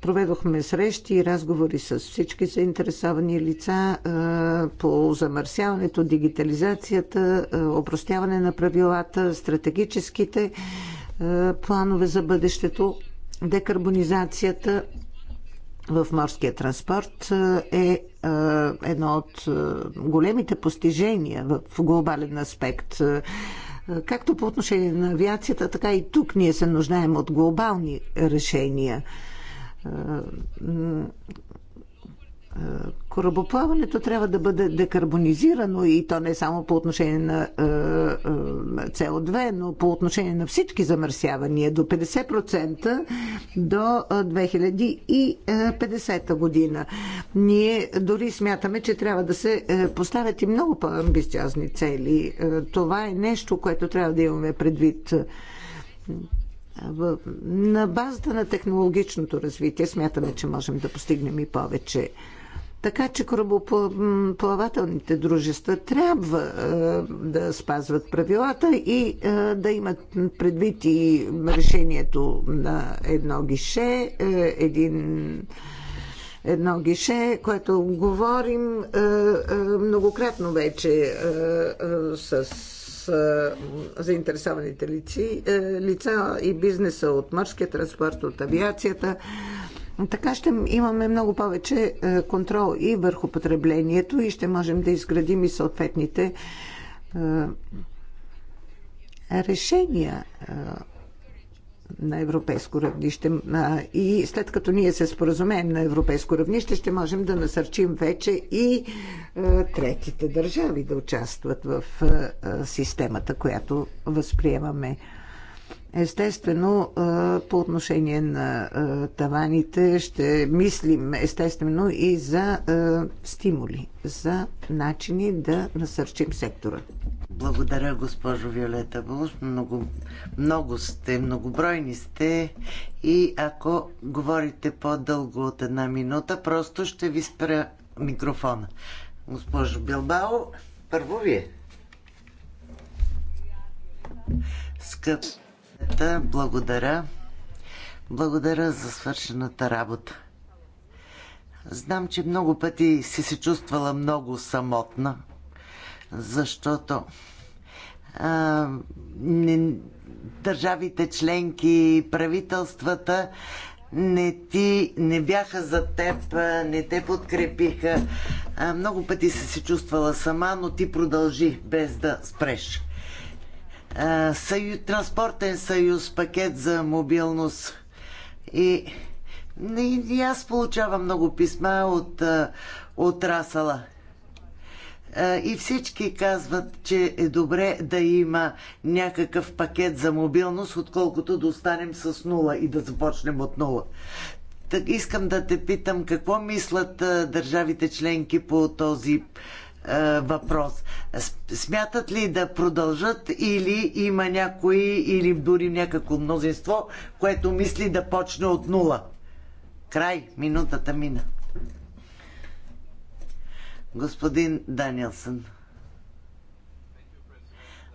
Проведохме срещи и разговори с всички заинтересовани лица по замърсяването, дигитализацията, опростяване на правилата, стратегическите планове за бъдещето, декарбонизацията в морския транспорт е, е едно от е, големите постижения в глобален аспект. Е, както по отношение на авиацията, така и тук ние се нуждаем от глобални решения е, корабоплаването трябва да бъде декарбонизирано и то не само по отношение на CO2, е, е, но по отношение на всички замърсявания до 50% до 2050 година. Ние дори смятаме, че трябва да се поставят и много по-амбициозни цели. Това е нещо, което трябва да имаме предвид. На базата на технологичното развитие смятаме, че можем да постигнем и повече. Така че корабоплавателните дружества трябва е, да спазват правилата и е, да имат предвид и решението на едно гише, е, един едно гише, което говорим е, е, многократно вече е, с заинтересованите лици, лица и бизнеса от морския транспорт, от авиацията. Така ще имаме много повече е, контрол и върху потреблението и ще можем да изградим и съответните е, решения е, на европейско равнище. И след като ние се споразумеем на европейско равнище, ще можем да насърчим вече и третите държави да участват в системата, която възприемаме. Естествено, по отношение на таваните ще мислим естествено и за стимули, за начини да насърчим сектора. Благодаря, госпожо Виолета Булш. Много, много сте, многобройни сте и ако говорите по-дълго от една минута, просто ще ви спра микрофона. Госпожо Билбао, първо вие. Скъп. Благодаря. Благодаря за свършената работа. Знам, че много пъти си се чувствала много самотна, защото а, не, държавите членки, правителствата не, ти, не бяха за теб, не те подкрепиха. А, много пъти си се чувствала сама, но ти продължи без да спреш съю, транспортен съюз, пакет за мобилност. И, и, и аз получавам много писма от Расала. И всички казват, че е добре да има някакъв пакет за мобилност, отколкото да останем с нула и да започнем от нула. Так, искам да те питам какво мислят държавите членки по този е, въпрос. Смятат ли да продължат или има някои или дори някакво мнозинство, което мисли да почне от нула? Край, минутата мина. Господин Данилсън.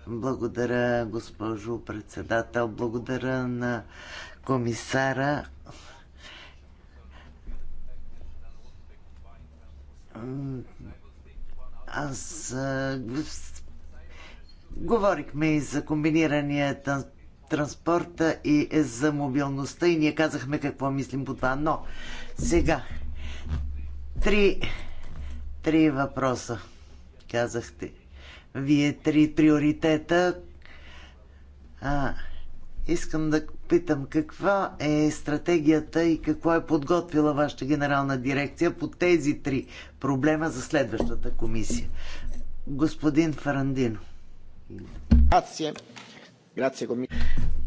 Благодаря, госпожо председател. Благодаря на комисара. Аз а, говорихме и за комбинирания транспорта и за мобилността и ние казахме какво мислим по това. Но сега три, три въпроса казахте. Вие три приоритета. А, искам да питам каква е стратегията и какво е подготвила вашата генерална дирекция по тези три проблема за следващата комисия. Господин Фарандино.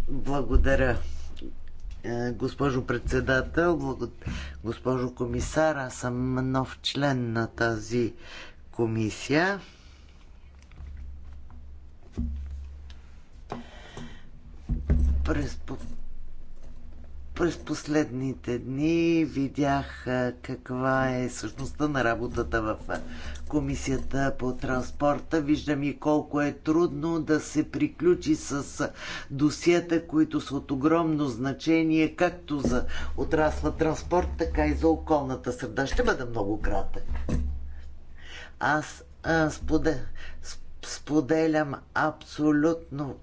Благодаря, е, госпожо председател, госпожо комисар. Аз съм нов член на тази комисия. През през последните дни видях каква е същността на работата в Комисията по транспорта. Виждам и колко е трудно да се приключи с досията, които са от огромно значение както за отрасла транспорт, така и за околната среда. Ще бъда много кратък. Аз а, споделям абсолютно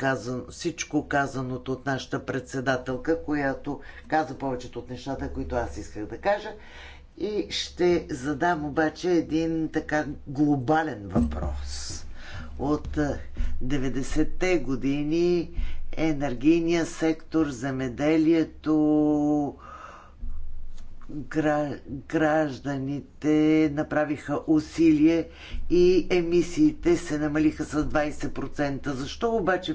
казан, всичко казаното от нашата председателка, която каза повечето от нещата, които аз исках да кажа. И ще задам обаче един така глобален въпрос. От 90-те е, години енергийния сектор, земеделието, гражданите направиха усилие и емисиите се намалиха с 20%. Защо обаче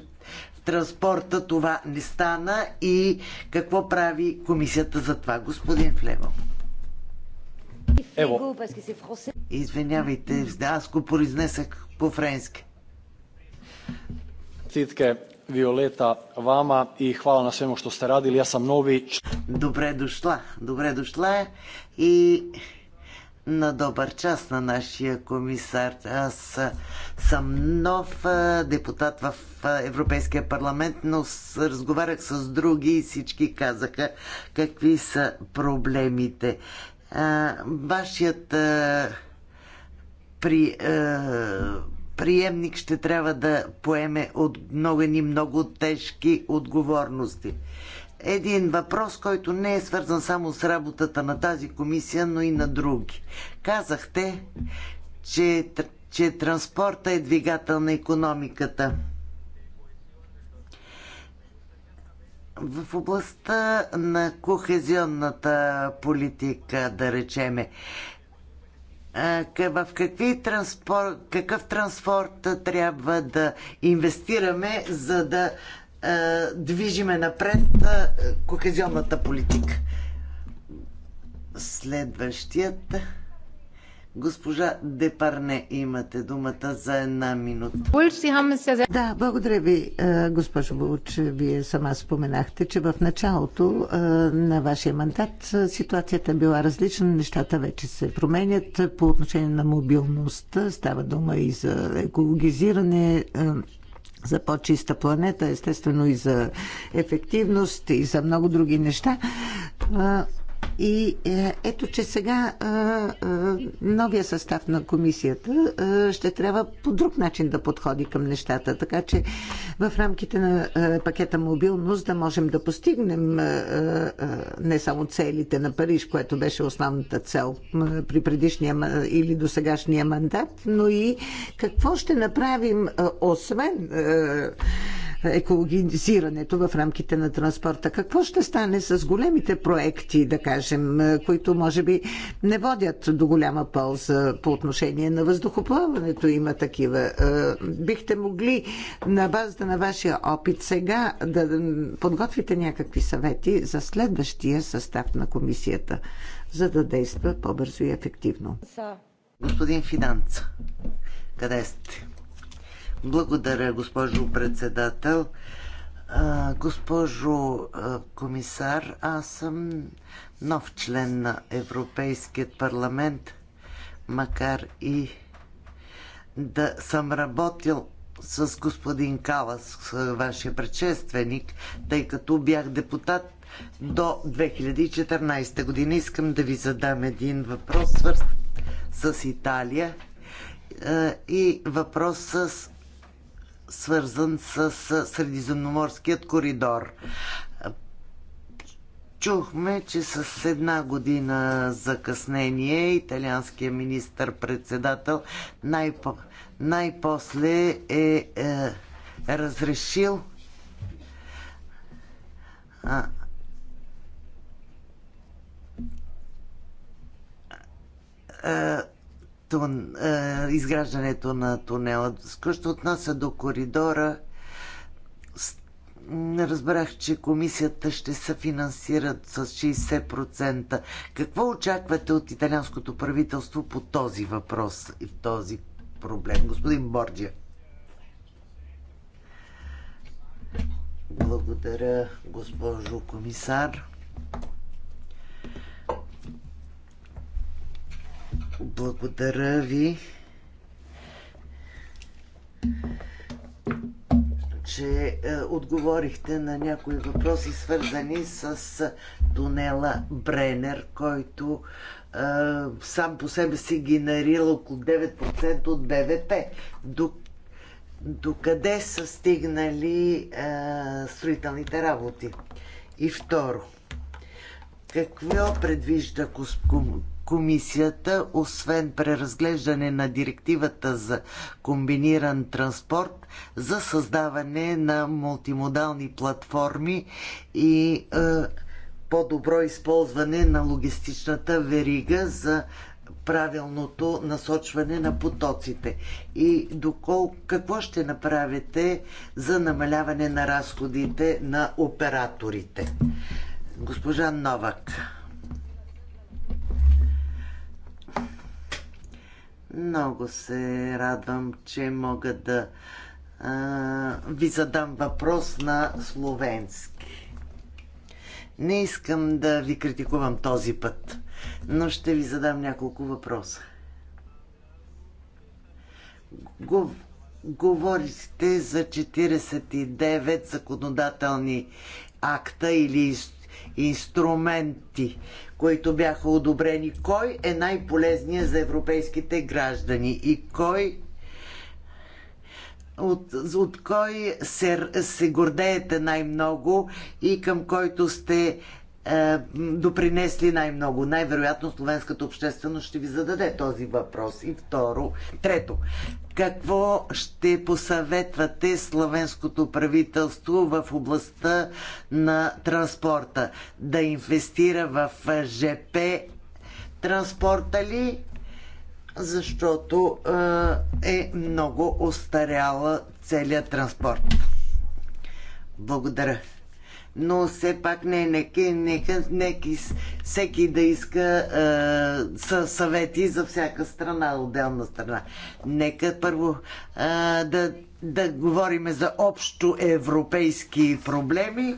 в транспорта това не стана и какво прави комисията за това, господин Флево? Ево. Извинявайте, аз го произнесах по-френски. Цитке, Виолета вама и хвала на свему што сте радили. Аз съм нови. Добре дошла. Добре дошла и на добър час на нашия комисар. Аз съм нов депутат в Европейския парламент, но разговарях с други и всички казаха какви са проблемите. вашият при приемник ще трябва да поеме от много ни много тежки отговорности. Един въпрос, който не е свързан само с работата на тази комисия, но и на други. Казахте, че, че транспорта е двигател на економиката. в областта на кохезионната политика, да речеме в какви транспор, какъв транспорт трябва да инвестираме, за да движиме напред е, кохезионната политика. Следващият. Госпожа Депарне, имате думата за една минута. Да, благодаря ви, е, госпожо Булч. Вие сама споменахте, че в началото е, на вашия мандат е, ситуацията била различна. Нещата вече се променят по отношение на мобилността. Става дума и за екологизиране, за по-чиста планета, естествено и за ефективност, и за много други неща. И е, ето, че сега е, е, новия състав на комисията ще трябва по друг начин да подходи към нещата. Така че в рамките на пакета мобилност да можем да постигнем не само целите на Париж, което беше основната цел при предишния или до сегашния мандат, но и какво ще направим освен екологизирането в рамките на транспорта. Какво ще стане с големите проекти, да кажем, които може би не водят до голяма полза по отношение на въздухоплаването? Има такива. Е, бихте могли на базата на вашия опит сега да подготвите някакви съвети за следващия състав на комисията, за да действа по-бързо и ефективно. Господин Финанца, къде сте? Благодаря, госпожо председател. Госпожо комисар, аз съм нов член на Европейският парламент, макар и да съм работил с господин Калас, вашия предшественик, тъй като бях депутат до 2014 година. Искам да ви задам един въпрос свързан с Италия и въпрос с свързан с Средиземноморският коридор. Чухме, че с една година закъснение италианският министър-председател най-по- най-после е, е разрешил а, а, е, тун, е, изграждането на тунела. Що отнася до коридора, разбрах, че комисията ще се финансират с 60%. Какво очаквате от италианското правителство по този въпрос и в този проблем? Господин Борджия. Благодаря, госпожо комисар. Благодаря ви, че е, отговорихте на някои въпроси, свързани с е, тунела Бренер, който е, сам по себе си генерира около 9% от БВП. До, до къде са стигнали строителните работи? И второ, какво предвижда комисията, освен преразглеждане на директивата за комбиниран транспорт, за създаване на мултимодални платформи и е, по-добро използване на логистичната верига за правилното насочване на потоците и докол, какво ще направите за намаляване на разходите на операторите. Госпожа Новак. Много се радвам, че мога да а, ви задам въпрос на словенски. Не искам да ви критикувам този път, но ще ви задам няколко въпроса. Гов... Говорите за 49 законодателни акта или инструменти които бяха одобрени. Кой е най-полезният за европейските граждани и кой от, от кой се, се гордеете най-много и към който сте е, допринесли най-много? Най-вероятно словенската общественост ще ви зададе този въпрос. И второ, трето, какво ще посъветвате славенското правителство в областта на транспорта? Да инвестира в ЖП транспорта ли? Защото е, е много остаряла целият транспорт. Благодаря но все пак не, нека, нека, нека всеки да иска е, съвети за всяка страна, отделна страна. Нека първо е, да, да говорим за общо европейски проблеми,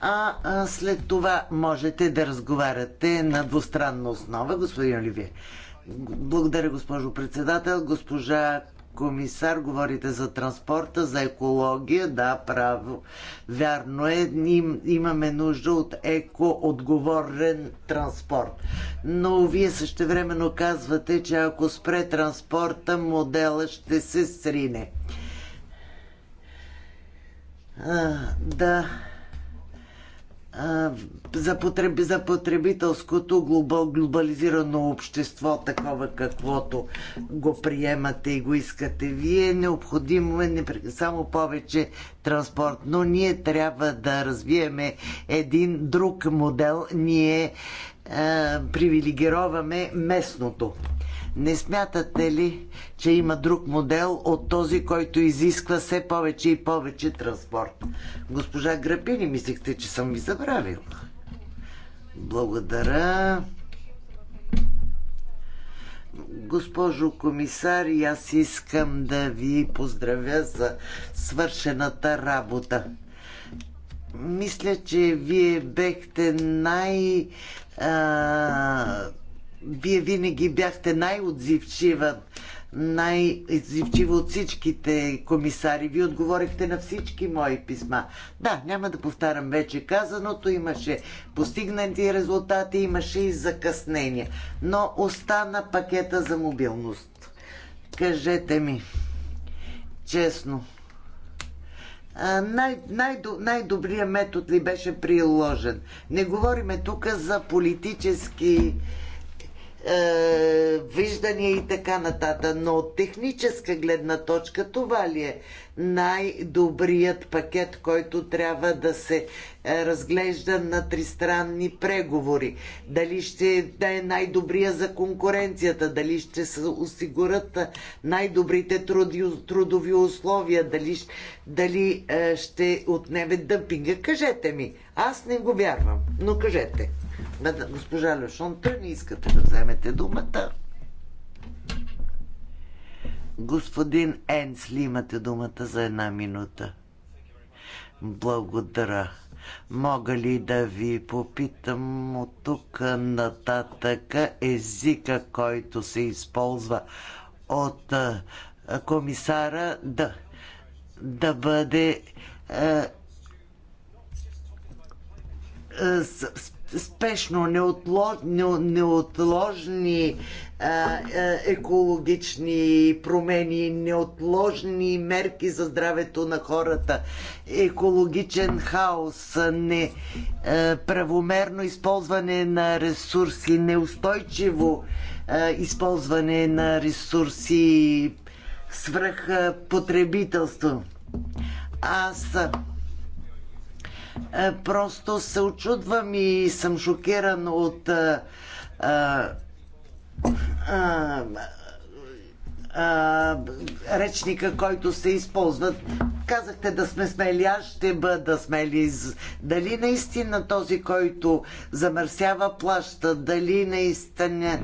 а, а след това можете да разговаряте на двустранна основа, господин Оливие. Благодаря, госпожо председател, госпожа комисар, говорите за транспорта, за екология, да, право. Вярно е, им, имаме нужда от еко-отговорен транспорт. Но вие също времено казвате, че ако спре транспорта, модела ще се срине. А, да, за, потреб, за потребителското глобал, глобализирано общество, такова каквото го приемате и го искате. Вие необходимо е не, само повече транспорт, но ние трябва да развиеме един друг модел. Ние е, привилегироваме местното. Не смятате ли, че има друг модел от този, който изисква все повече и повече транспорт? Госпожа Грабини, мислихте, че съм ви забравила. Благодаря. Госпожо комисар, аз искам да ви поздравя за свършената работа. Мисля, че вие бехте най- а, вие винаги бяхте най-отзивчива, най отзивчива от всичките комисари. Вие отговорихте на всички мои писма. Да, няма да повтарям вече казаното. Имаше постигнати резултати, имаше и закъснения. Но остана пакета за мобилност. Кажете ми, честно, най- най- най-добрият метод ли беше приложен? Не говориме тук за политически е, виждания и така нататък. Но от техническа гледна точка това ли е най-добрият пакет, който трябва да се е, разглежда на тристранни преговори? Дали ще да е най-добрия за конкуренцията? Дали ще се осигурят най-добрите трудови условия? Дали, дали е, ще отнеме дъмпинга? Кажете ми. Аз не го вярвам, но кажете. Госпожа Лешон, тъй не искате да вземете думата. Господин Енсли, имате думата за една минута. Благодаря. Мога ли да ви попитам от тук нататък езика, който се използва от комисара да, да бъде спешно неотложни екологични промени, неотложни мерки за здравето на хората, екологичен хаос, неправомерно използване на ресурси, неустойчиво използване на ресурси, свръхпотребителство. Аз е, просто се очудвам и съм шокиран от а, а, а, речника, който се използват Казахте да сме смели, аз ще бъда смели. Дали наистина този, който замърсява плаща, дали наистина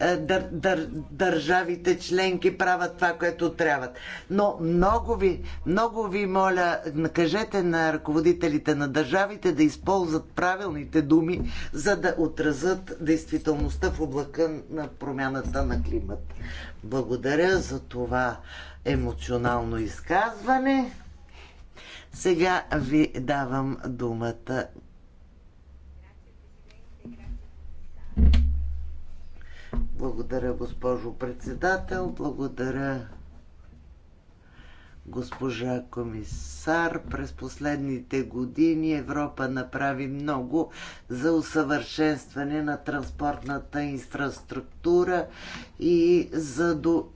е, дър, дър, държавите членки правят това, което трябват. Но много ви, много ви моля, накажете на ръководителите на държавите да използват правилните думи, за да отразят действителността в облака на промяната на климата. Благодаря за това емоционално изказване. Сега ви давам думата. Благодаря, госпожо председател. Благодаря, госпожа комисар. През последните години Европа направи много за усъвършенстване на транспортната инфраструктура и за до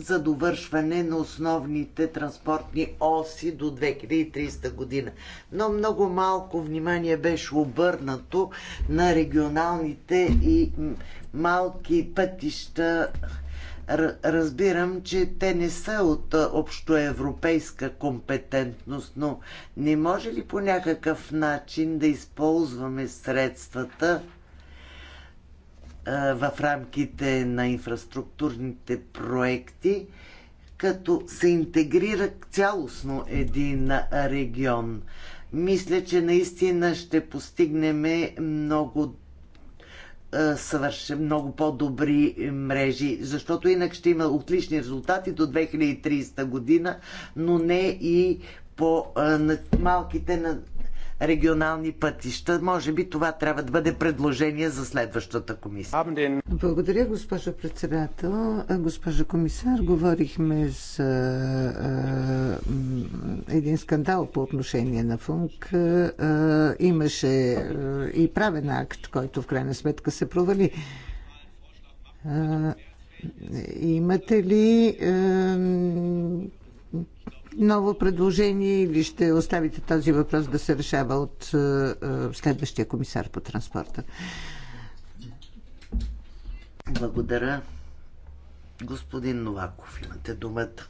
за довършване на основните транспортни оси до 2030 година. Но много малко внимание беше обърнато на регионалните и малки пътища. Разбирам, че те не са от общоевропейска компетентност, но не може ли по някакъв начин да използваме средствата в рамките на инфраструктурните проекти, като се интегрира цялостно един регион. Мисля, че наистина ще постигнем много съвършен, много по-добри мрежи, защото инак ще има отлични резултати до 2030 година, но не и по малките на регионални пътища. Може би това трябва да бъде предложение за следващата комисия. Благодаря, госпожо председател. Госпожо комисар, говорихме а, е, един скандал по отношение на ФУНК. Е, имаше е, и правен акт, който в крайна сметка се провали. Имате ли ново предложение или ще оставите този въпрос да се решава от е, е, следващия комисар по транспорта? Благодаря. Господин Новаков, имате думата.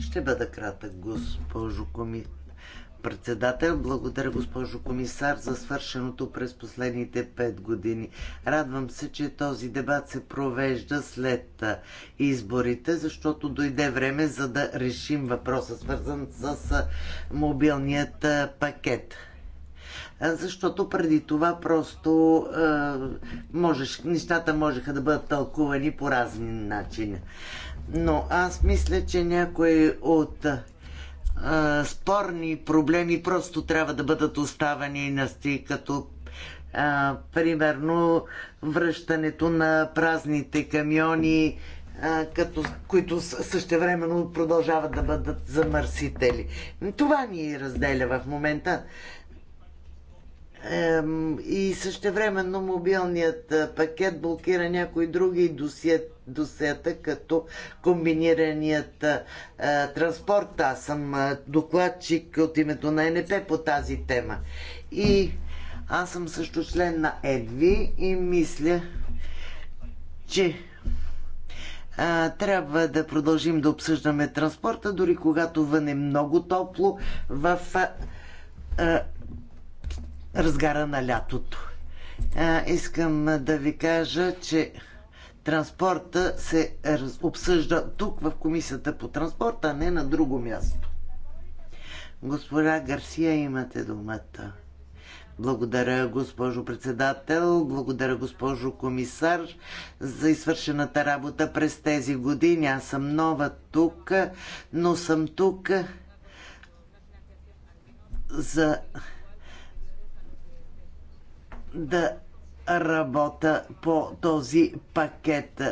Ще бъда кратък, госпожо комисар председател. Благодаря, госпожо комисар, за свършеното през последните пет години. Радвам се, че този дебат се провежда след изборите, защото дойде време за да решим въпроса, свързан с мобилният пакет. Защото преди това просто е, можеш, нещата можеха да бъдат тълкувани по разни начини. Но аз мисля, че някои от спорни проблеми просто трябва да бъдат оставани на сти, като а, примерно връщането на празните камиони, а, като, които същевременно продължават да бъдат замърсители. Това ни разделя в момента и същевременно мобилният е, пакет блокира някои други досиета, като комбинираният е, е, транспорт. Аз съм докладчик от името на НП по тази тема. И аз съм също член на ЕДВИ и мисля, че трябва да продължим да обсъждаме транспорта, дори когато вън е много топло в разгара на лятото. А, искам да ви кажа, че транспорта се обсъжда тук в Комисията по транспорта, а не на друго място. Госпожа Гарсия, имате думата. Благодаря, госпожо председател, благодаря, госпожо комисар, за извършената работа през тези години. Аз съм нова тук, но съм тук за да работя по този пакет.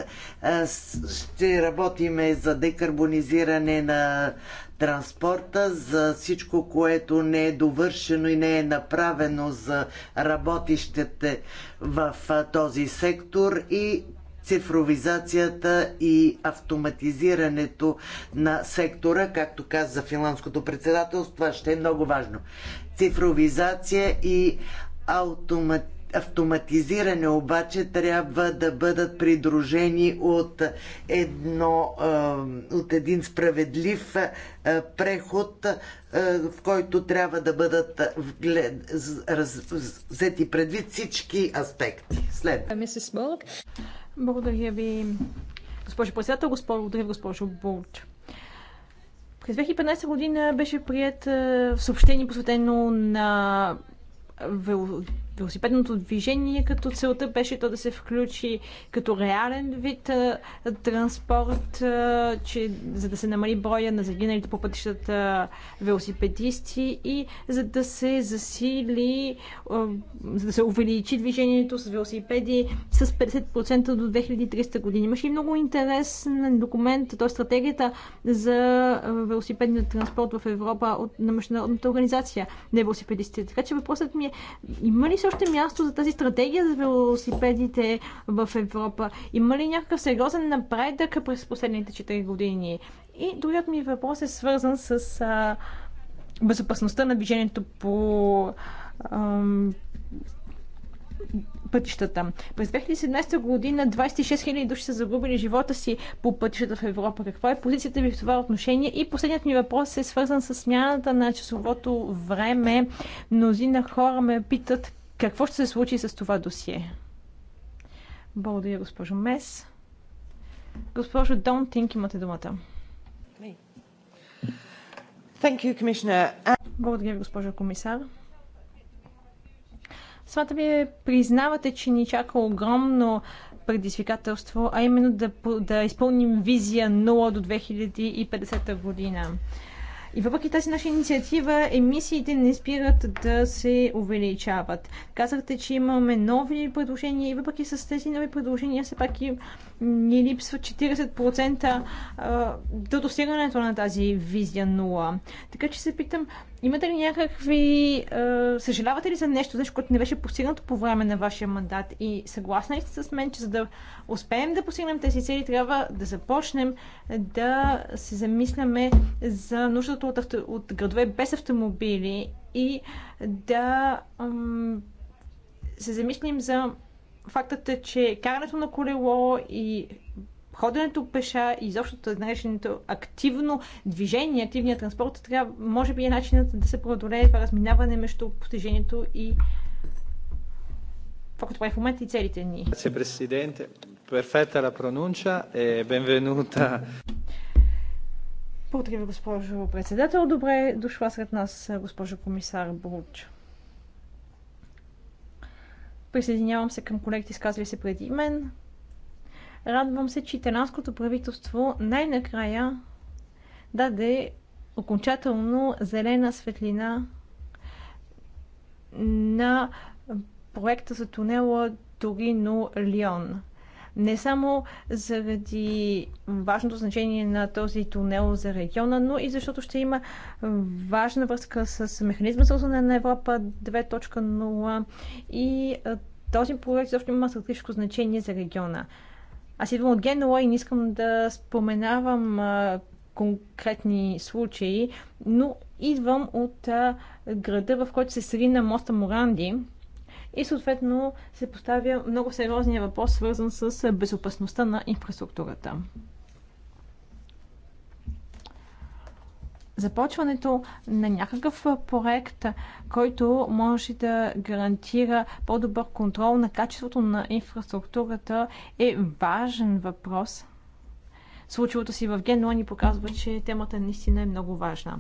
Ще работиме за декарбонизиране на транспорта, за всичко, което не е довършено и не е направено за работещите в този сектор и цифровизацията и автоматизирането на сектора, както каза финландското председателство, това ще е много важно. Цифровизация и Автомат, автоматизиране обаче трябва да бъдат придружени от, едно, от един справедлив преход, в който трябва да бъдат взети предвид всички аспекти. След. Благодаря ви, госпожо председател, благодаря ви, госпожо Болт. През 2015 година беше прият съобщение, посветено на вело велосипедното движение, като целта беше то да се включи като реален вид а, транспорт, а, че, за да се намали броя на загиналите по пътищата велосипедисти и за да се засили, а, за да се увеличи движението с велосипеди с 50% до 2300 години. Имаше и много интересен документ, т.е. стратегията за велосипедния транспорт в Европа от, на Международната организация на велосипедистите. Така че въпросът ми е, има ли все още място за тази стратегия за велосипедите в Европа? Има ли някакъв сериозен напредък през последните 4 години? И другият ми въпрос е свързан с а, безопасността на движението по ам, пътищата. През 2017 година 26 000 души са загубили живота си по пътищата в Европа. Каква е позицията ви в това отношение? И последният ми въпрос е свързан с смяната на часовото време. Мнозина хора ме питат какво ще се случи с това досие. Благодаря, госпожо Мес. Госпожо Тинк, имате думата. You, Благодаря госпожо комисар. Смата ви, признавате, че ни чака огромно предизвикателство, а именно да, да изпълним визия 0 до 2050 година. И въпреки тази наша инициатива, емисиите не спират да се увеличават. Казахте, че имаме нови предложения и въпреки с тези нови предложения, все пак и ни липсва 40% до достигането на тази визия нула. Така че се питам, имате ли някакви... Съжалявате ли за нещо, нещо, което не беше постигнато по време на вашия мандат? И съгласна ли сте с мен, че за да успеем да постигнем тези цели, трябва да започнем да се замисляме за нуждата от, авто... от градове без автомобили и да се замислим за фактът е, че карането на колело и ходенето пеша и изобщо нареченото активно движение, активния транспорт, трябва, може би е начинът да се преодолее това разминаване между постижението и това, което прави в момента и целите ни. Grazie, Presidente. Perfetta ла пронунча e benvenuta. Благодаря ви, госпожо председател. Добре е дошла сред нас, госпожо комисар Бурчо. Присъединявам се към колегите, изказали се преди мен. Радвам се, че италянското правителство най-накрая даде окончателно зелена светлина на проекта за тунела Торино-Лион не само заради важното значение на този тунел за региона, но и защото ще има важна връзка с механизма за на Европа 2.0 и този проект също има стратегическо значение за региона. Аз идвам от Генуа и не искам да споменавам конкретни случаи, но идвам от а, града, в който се срина моста Моранди, и съответно се поставя много сериозния въпрос, свързан с безопасността на инфраструктурата. започването на някакъв проект, който може да гарантира по-добър контрол на качеството на инфраструктурата е важен въпрос. Случилото си в Генуа ни показва, че темата наистина е много важна.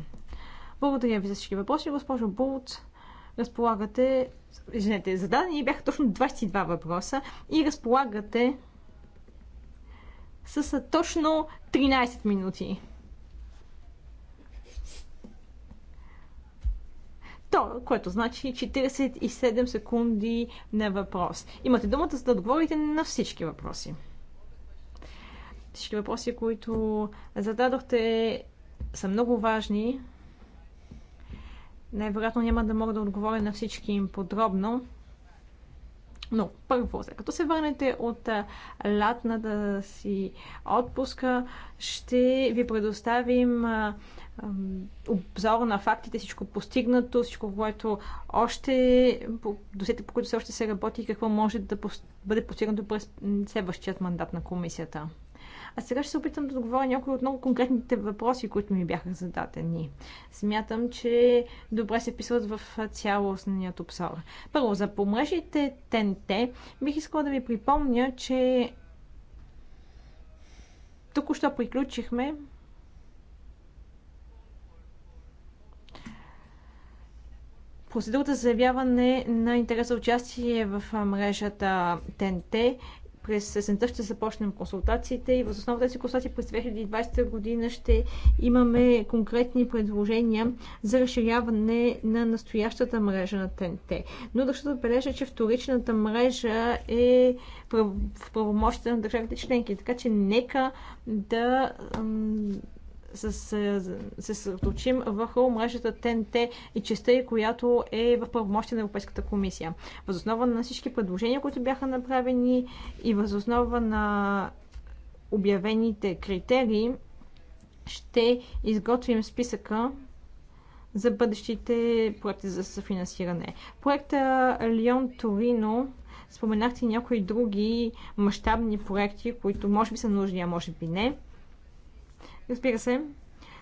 Благодаря ви за всички въпроси, госпожо Булт разполагате, извинете, зададени бяха точно 22 въпроса и разполагате с точно 13 минути. То, което значи 47 секунди на въпрос. Имате думата за да отговорите на всички въпроси. Всички въпроси, които зададохте, са много важни най-вероятно няма да мога да отговоря на всички им подробно. Но първо, след като се върнете от латната си отпуска, ще ви предоставим обзор на фактите, всичко постигнато, всичко, което още, досете по които все още се работи и какво може да бъде постигнато през следващият мандат на комисията. А сега ще се опитам да отговоря някои от много конкретните въпроси, които ми бяха зададени. Смятам, че добре се писват в цялостният обзор. Първо, за помрежите ТНТ бих искала да ви припомня, че Току-що приключихме процедурата за заявяване на интерес за участие в мрежата ТНТ през есента ще започнем консултациите и въз основа тези консултации през 2020 година ще имаме конкретни предложения за разширяване на настоящата мрежа на ТНТ. Но да ще отбележа, че вторичната мрежа е в правомощите на държавите членки, така че нека да е, се съсредоточим върху мрежата ТНТ и частта и която е в правомощи на Европейската комисия. Възоснова на всички предложения, които бяха направени и възоснова на обявените критерии, ще изготвим списъка за бъдещите проекти за съфинансиране. Проекта Лион Торино споменахте някои други мащабни проекти, които може би са нужни, а може би не. Разбира се,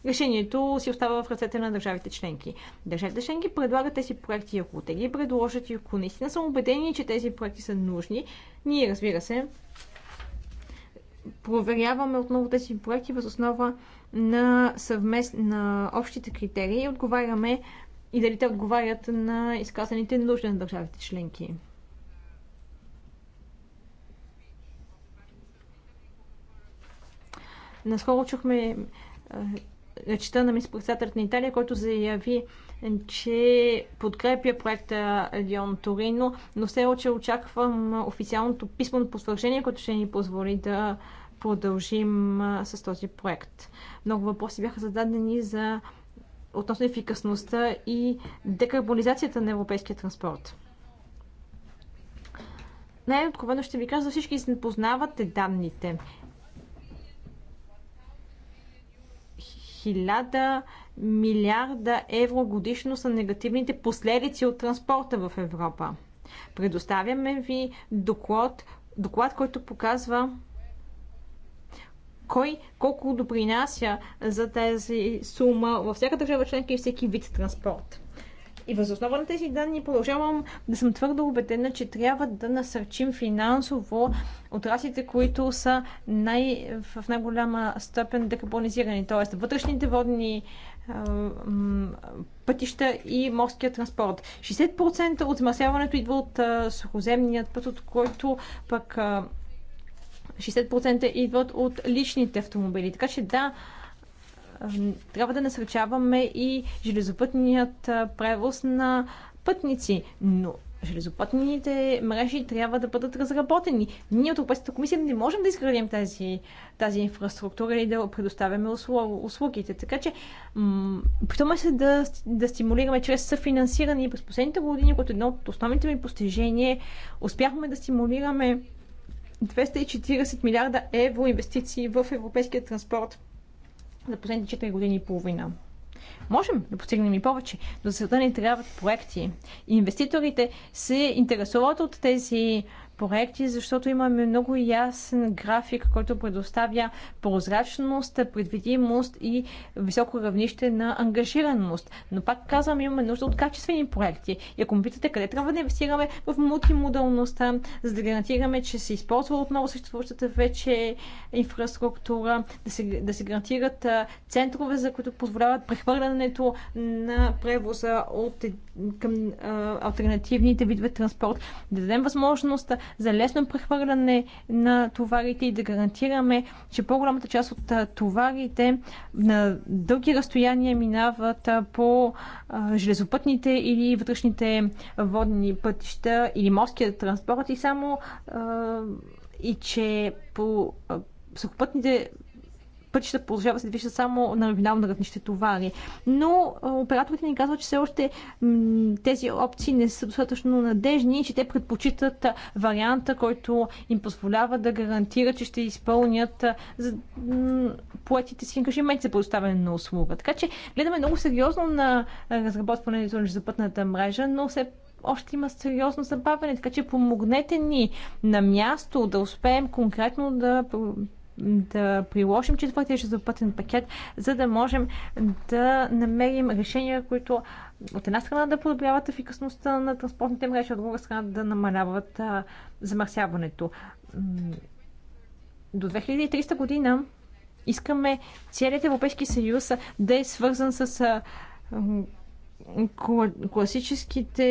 решението си остава в ръцете на държавите членки. Държавите членки предлагат тези проекти, ако те ги предложат и ако наистина са убедени, че тези проекти са нужни, ние, разбира се, проверяваме отново тези проекти въз основа на съвмест на общите критерии и отговаряме и дали те отговарят на изказаните нужди на държавите членки. Наскоро чухме речта на мис председателят на Италия, който заяви, че подкрепя проекта Лион Торино, но все още очаквам официалното писмено потвърждение, което ще ни позволи да продължим с този проект. Много въпроси бяха зададени за относно ефикасността и декарбонизацията на европейския транспорт. Най-откровено ще ви кажа, всички не познавате данните. 1000 милиарда евро годишно са негативните последици от транспорта в Европа. Предоставяме ви доклад, доклад който показва кой колко допринася за тази сума във всяка държава членка и всеки вид транспорт. И въз основа на тези данни продължавам да съм твърдо убедена, че трябва да насърчим финансово отраслите, които са най, в най-голяма степен декарбонизирани, т.е. вътрешните водни пътища и морския транспорт. 60% от замърсяването идва от сухоземният път, от който пък 60% идват от личните автомобили. Така че да, трябва да насърчаваме и железопътният превоз на пътници, но железопътните мрежи трябва да бъдат разработени. Ние от Европейската комисия не можем да изградим тази, тази инфраструктура и да предоставяме услугите. Така че опитваме се да, да стимулираме чрез съфинансиране през последните години, което е едно от основните ми постижения, успяхме да стимулираме 240 милиарда евро инвестиции в европейския транспорт за последните 4 години и половина. Можем да постигнем и повече, но за целта ни трябват проекти. Инвеститорите се интересуват от тези проекти, защото имаме много ясен график, който предоставя прозрачност, предвидимост и високо равнище на ангажираност. Но пак казвам, имаме нужда от качествени проекти. И ако ме питате къде трябва да инвестираме в мултимодалността, за да гарантираме, че се използва отново съществуващата вече инфраструктура, да се, да се гарантират центрове, за които позволяват прехвърлянето на превоза от, към а, альтернативните видове транспорт, да дадем възможност за лесно прехвърляне на товарите и да гарантираме, че по-голямата част от товарите на дълги разстояния минават по железопътните или вътрешните водни пътища или морския транспорт и само и че по сухопътните пътища продължава се движат само на номинално равнище товари. Но операторите ни казват, че все още тези опции не са достатъчно надежни, че те предпочитат варианта, който им позволява да гарантира, че ще изпълнят поетите си ангажименти за предоставяне на услуга. Така че гледаме много сериозно на разработването на пътната мрежа, но все още има сериозно забавяне, така че помогнете ни на място да успеем конкретно да да приложим четвъртия железопътен пакет, за да можем да намерим решения, които от една страна да подобряват ефикасността на транспортните мрежи, от друга страна да намаляват замърсяването. До 2300 година искаме целият Европейски съюз да е свързан с класическите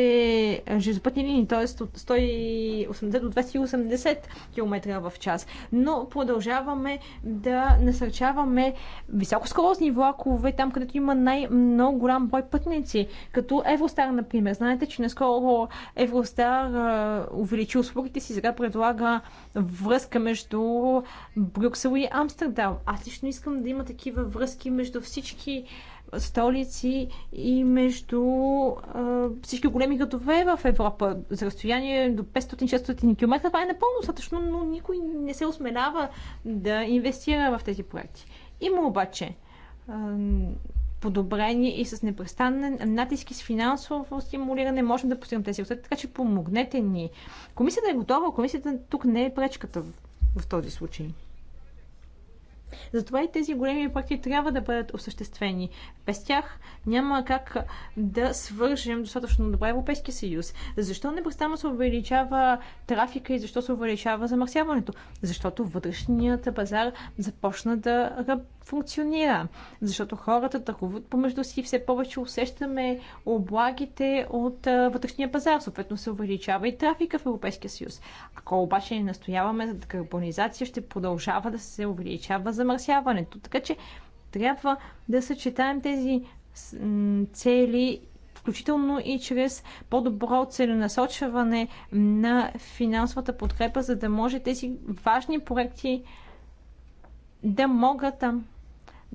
железопътни линии, т.е. от 180 до 280 км в час. Но продължаваме да насърчаваме високоскоростни влакове там, където има най-много голям брой пътници, като Евростар, например. Знаете, че наскоро Евростар увеличи услугите си, сега предлага връзка между Брюксел и Амстердам. Аз лично искам да има такива връзки между всички столици и между а, всички големи градове в Европа. За разстояние до 500-600 км това е напълно достатъчно, но никой не се осмелява да инвестира в тези проекти. Има обаче а, подобрение и с непрестанен натиск и с финансово стимулиране можем да постигнем тези резултати, така че помогнете ни. Комисията е готова, комисията тук не е пречката в, в този случай. Затова и тези големи проекти трябва да бъдат осъществени. Без тях няма как да свържем достатъчно добре Европейския съюз. Защо непрестанно се увеличава трафика и защо се увеличава замърсяването? Защото вътрешният пазар започна да функционира. Защото хората търгуват помежду си все повече усещаме облагите от вътрешния пазар. Съответно се увеличава и трафика в Европейския съюз. Ако обаче не настояваме за декарбонизация, ще продължава да се увеличава замърсяването. Така че трябва да съчетаем тези цели включително и чрез по-добро целенасочване на финансовата подкрепа, за да може тези важни проекти да могат там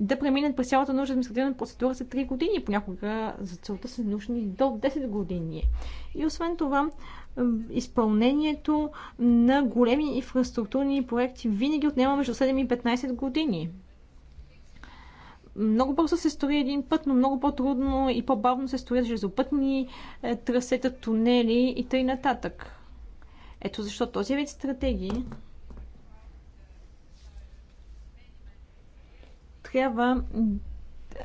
да преминат през цялата нужна административна процедура за 3 години. Понякога за целта са нужни до 10 години. И освен това, изпълнението на големи инфраструктурни проекти винаги отнема между 7 и 15 години. Много бързо се строи един път, но много по-трудно и по-бавно се строят железопътни е, трасета, тунели и т.н. Ето защо този вид стратегии трябва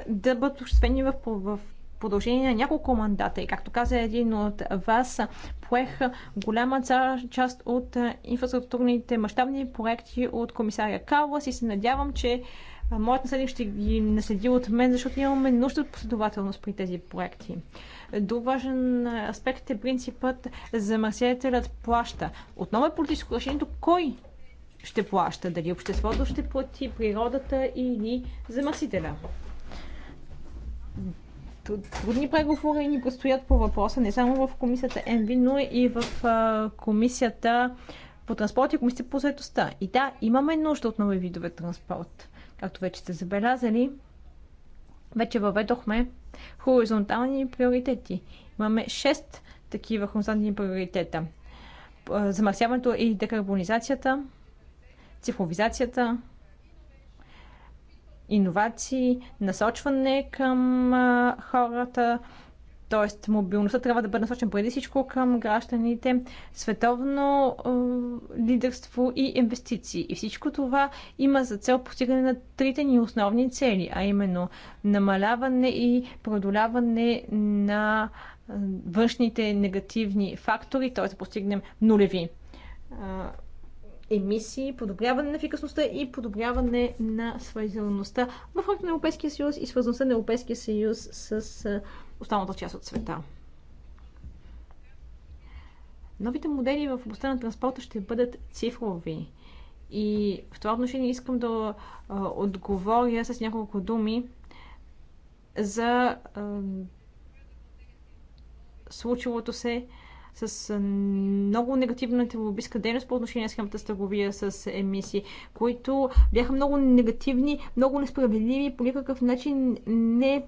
да бъдат обществени в, в продължение на няколко мандата. И както каза един от вас, поех голяма част от инфраструктурните мащабни проекти от комисаря Калас и се надявам, че моят наследник ще ги наследи от мен, защото имаме нужда от последователност при тези проекти. Друг важен аспект е принципът замърсителят плаща. Отново е политическо решението кой ще плаща? Дали обществото ще плати, природата или замърсителя? Трудни преговори ни предстоят по въпроса не само в комисията МВ, но и в комисията по транспорт и комисията по заедостта. И да, имаме нужда от нови видове транспорт. Както вече сте забелязали, вече въведохме хоризонтални приоритети. Имаме 6 такива хоризонтални приоритета. Замърсяването и декарбонизацията, цифровизацията, иновации, насочване към хората, т.е. мобилността трябва да бъде насочена преди всичко към гражданите, световно е, лидерство и инвестиции. И всичко това има за цел постигане на трите ни основни цели, а именно намаляване и продоляване на външните негативни фактори, т.е. да постигнем нулеви емисии, подобряване на ефикасността и подобряване на свързаността в рамките на Европейския съюз и свързаността на Европейския съюз с останалата част от света. Новите модели в областта на транспорта ще бъдат цифрови. И в това отношение искам да отговоря с няколко думи за случилото се с много негативната лобистка дейност по отношение на схемата с търговия с емисии, които бяха много негативни, много несправедливи, по никакъв начин не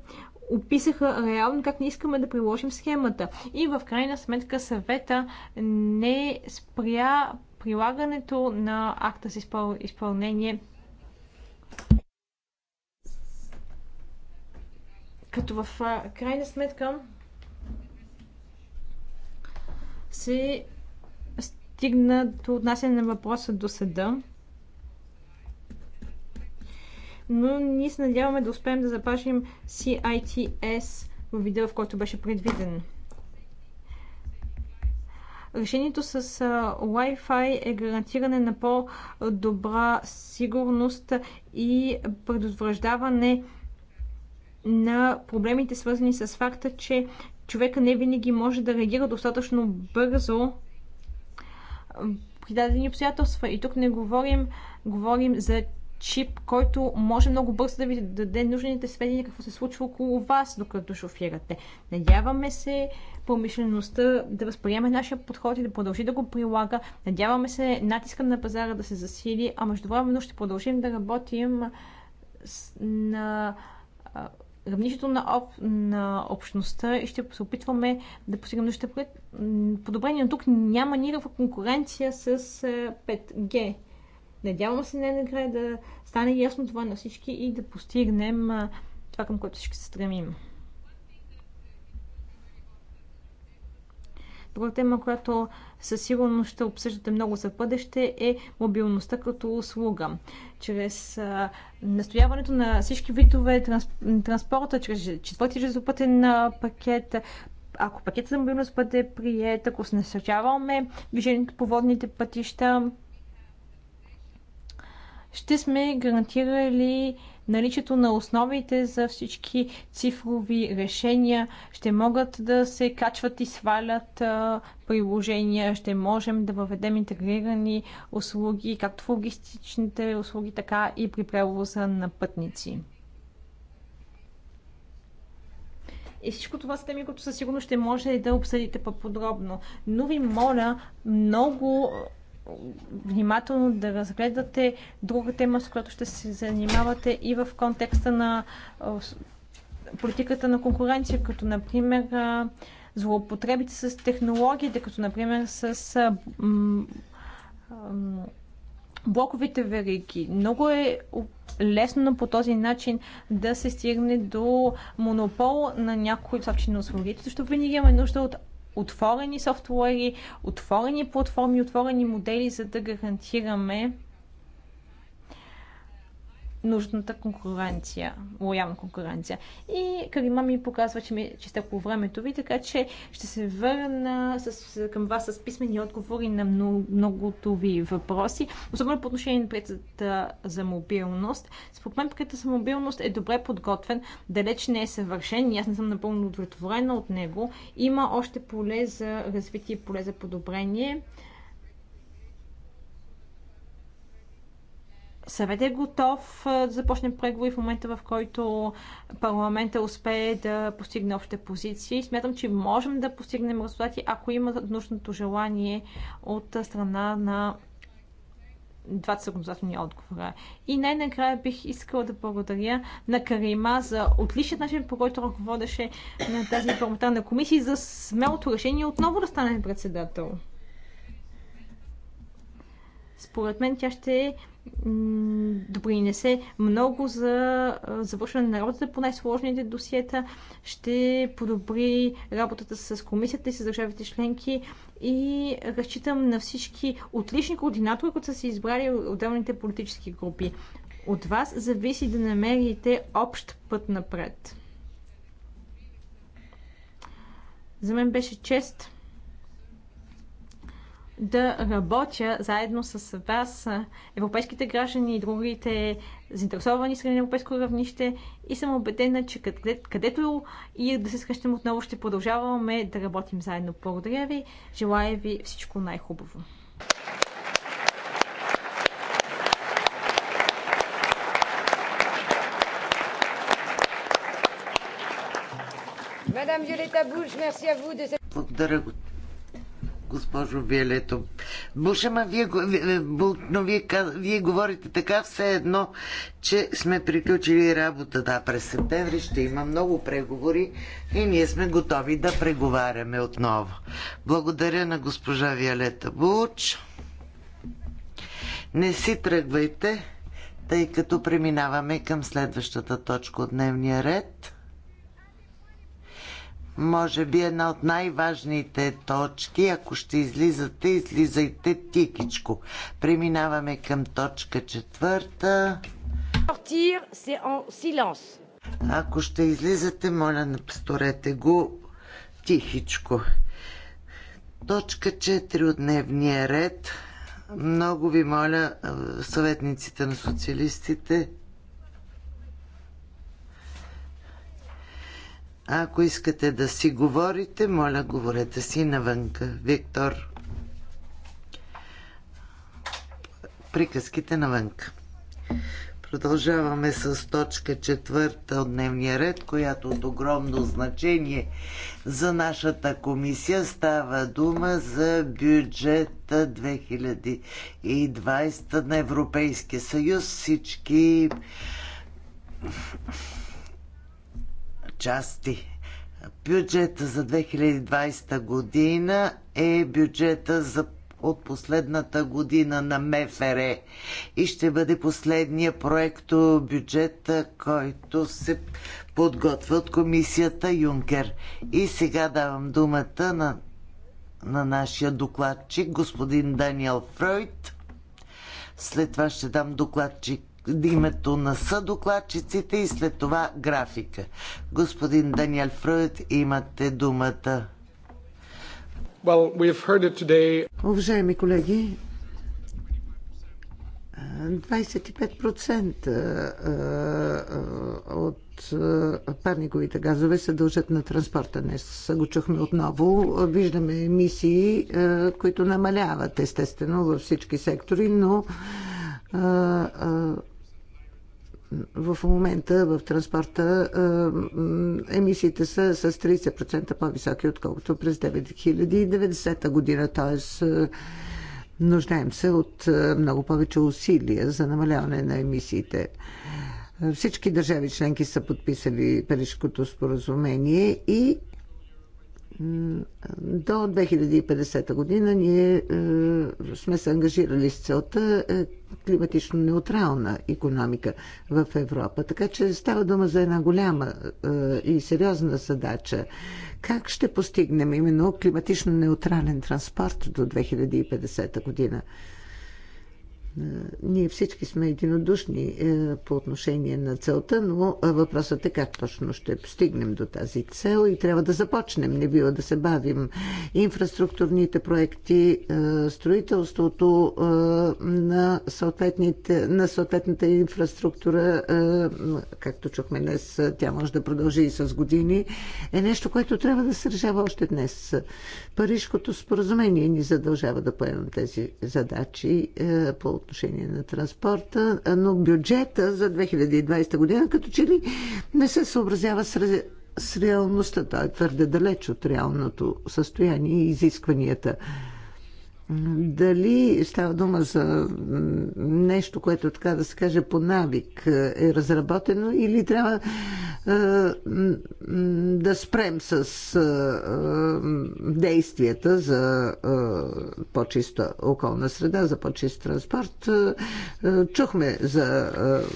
описаха реално как не искаме да приложим схемата. И в крайна сметка съвета не спря прилагането на акта с изпъл... изпълнение като в крайна сметка се стигна до отнасяне на въпроса до съда. Но ние се надяваме да успеем да запазим CITS в вида, в който беше предвиден. Решението с Wi-Fi е гарантиране на по-добра сигурност и предотвръждаване на проблемите, свързани с факта, че човека не винаги може да реагира достатъчно бързо при дадени обстоятелства. И тук не говорим, говорим за чип, който може много бързо да ви даде нужните сведения какво се случва около вас, докато шофирате. Надяваме се промишлеността да възприеме нашия подход и да продължи да го прилага. Надяваме се натиска на пазара да се засили, а междувременно ще продължим да работим на равнището на, об, на общността и ще се опитваме да постигнем нещо пред... подобрение. Но тук няма никаква конкуренция с 5G. Е, Надявам се не накрая да стане ясно това на всички и да постигнем е, това, към което всички се стремим. Друга тема, която със сигурност ще обсъждате много за бъдеще е мобилността като услуга. Чрез а, настояването на всички видове транс, транспорта, чрез четвърти железопътен пакет, ако пакетът за мобилност бъде прият, ако се насърчаваме движението по водните пътища, ще сме гарантирали наличието на основите за всички цифрови решения. Ще могат да се качват и свалят приложения, ще можем да въведем интегрирани услуги, както в логистичните услуги, така и при превоза на пътници. И всичко това са теми, които със сигурност ще може да обсъдите по-подробно. Но ви моля много внимателно да разгледате друга тема, с която ще се занимавате и в контекста на политиката на конкуренция, като например злоупотребите с технологиите, като например с блоковите вериги. Много е лесно по този начин да се стигне до монопол на някои доставчици на услуги, защото винаги имаме нужда от отворени софтуери, отворени платформи, отворени модели, за да гарантираме нужната конкуренция, лоялна конкуренция. И Карима ми показва, че, ми, е по времето ви, така че ще се върна с, към вас с писмени отговори на много, многото ви въпроси, особено по отношение на проектата за мобилност. Според мен проектът за мобилност е добре подготвен, далеч не е съвършен и аз не съм напълно удовлетворена от него. Има още поле за развитие, поле за подобрение. съвет е готов да започне преговори в момента, в който парламента успее да постигне общите позиции. Смятам, че можем да постигнем резултати, ако има нужното желание от страна на двата законодателни отговора. И най-накрая бих искала да благодаря на Карима за отличният начин, по който ръководеше на тази парламентарна комисия за смелото решение отново да стане председател. Според мен тя ще допринесе много за завършване на работата по най-сложните досиета, ще подобри работата с комисията и с държавите членки и разчитам на всички отлични координатори, които са се избрали отделните политически групи. От вас зависи да намерите общ път напред. За мен беше чест да работя заедно с вас, европейските граждани и другите заинтересовани страни на европейско равнище и съм убедена, че къде, където и да се срещнем отново ще продължаваме да работим заедно. Благодаря ви, желая ви всичко най-хубаво. Благодаря, госпожо Виолето. Бушема, вие, но вие, вие говорите така все едно, че сме приключили работа. Да, през септември ще има много преговори и ние сме готови да преговаряме отново. Благодаря на госпожа Виолета Буч. Не си тръгвайте, тъй като преминаваме към следващата точка от дневния ред – може би една от най-важните точки. Ако ще излизате, излизайте тикичко. Преминаваме към точка четвърта. Ако ще излизате, моля, насторете го тихичко. Точка 4 от дневния ред. Много ви моля, съветниците на социалистите, Ако искате да си говорите, моля, говорете си навънка. Виктор. Приказките навънка. Продължаваме с точка четвърта от дневния ред, която е от огромно значение за нашата комисия става дума за бюджета 2020 на Европейския съюз. Всички части. Бюджета за 2020 година е бюджета за от последната година на МФР и ще бъде последния проект бюджет, който се подготвя от комисията Юнкер. И сега давам думата на, на нашия докладчик, господин Даниел Фройд. След това ще дам докладчик името на съдокладчиците и след това графика. Господин Даниел Фройд, имате думата. Well, we've heard it today. Уважаеми колеги, 25% от парниковите газове се дължат на транспорта. Днес го чухме отново. Виждаме емисии, които намаляват естествено във всички сектори, но в момента в транспорта емисиите са с 30% по-високи, отколкото през 9090 година. Т.е. нуждаем се от много повече усилия за намаляване на емисиите. Всички държави членки са подписали Парижското споразумение и до 2050 година ние е, сме се ангажирали с целта е, климатично неутрална економика в Европа. Така че става дума за една голяма е, и сериозна задача. Как ще постигнем именно климатично неутрален транспорт до 2050 година? Е, ние всички сме единодушни е, по отношение на целта, но е, въпросът е как точно ще постигнем до тази цел и трябва да започнем, не бива да се бавим. Инфраструктурните проекти, строителството на, на съответната инфраструктура, както чухме днес, тя може да продължи и с години, е нещо, което трябва да се решава още днес. Парижкото споразумение ни задължава да поемем тези задачи по отношение на транспорта, но бюджета за 2020 година като че ли не се съобразява с, ре... с реалността. Той е твърде далеч от реалното състояние и изискванията. Дали става дума за нещо, което така да се каже по навик е разработено или трябва е, да спрем с е, действията за е, по-чиста околна среда, за по-чист транспорт. Е, е, чухме за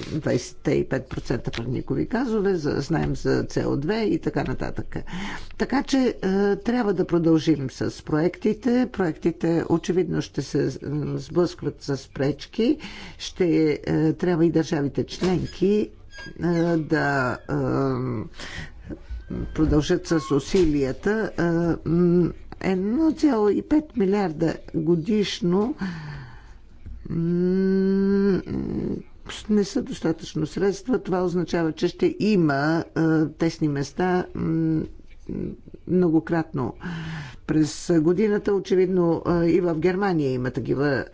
25% е, парникови газове, за, знаем за CO2 и така нататък. Така че трябва да продължим с проектите. Проектите от очевидно ще се сблъскват с пречки. Ще е, трябва и държавите членки е, да е, продължат с усилията. 1,5 милиарда годишно не са достатъчно средства. Това означава, че ще има тесни места многократно през годината. Очевидно и в Германия има такива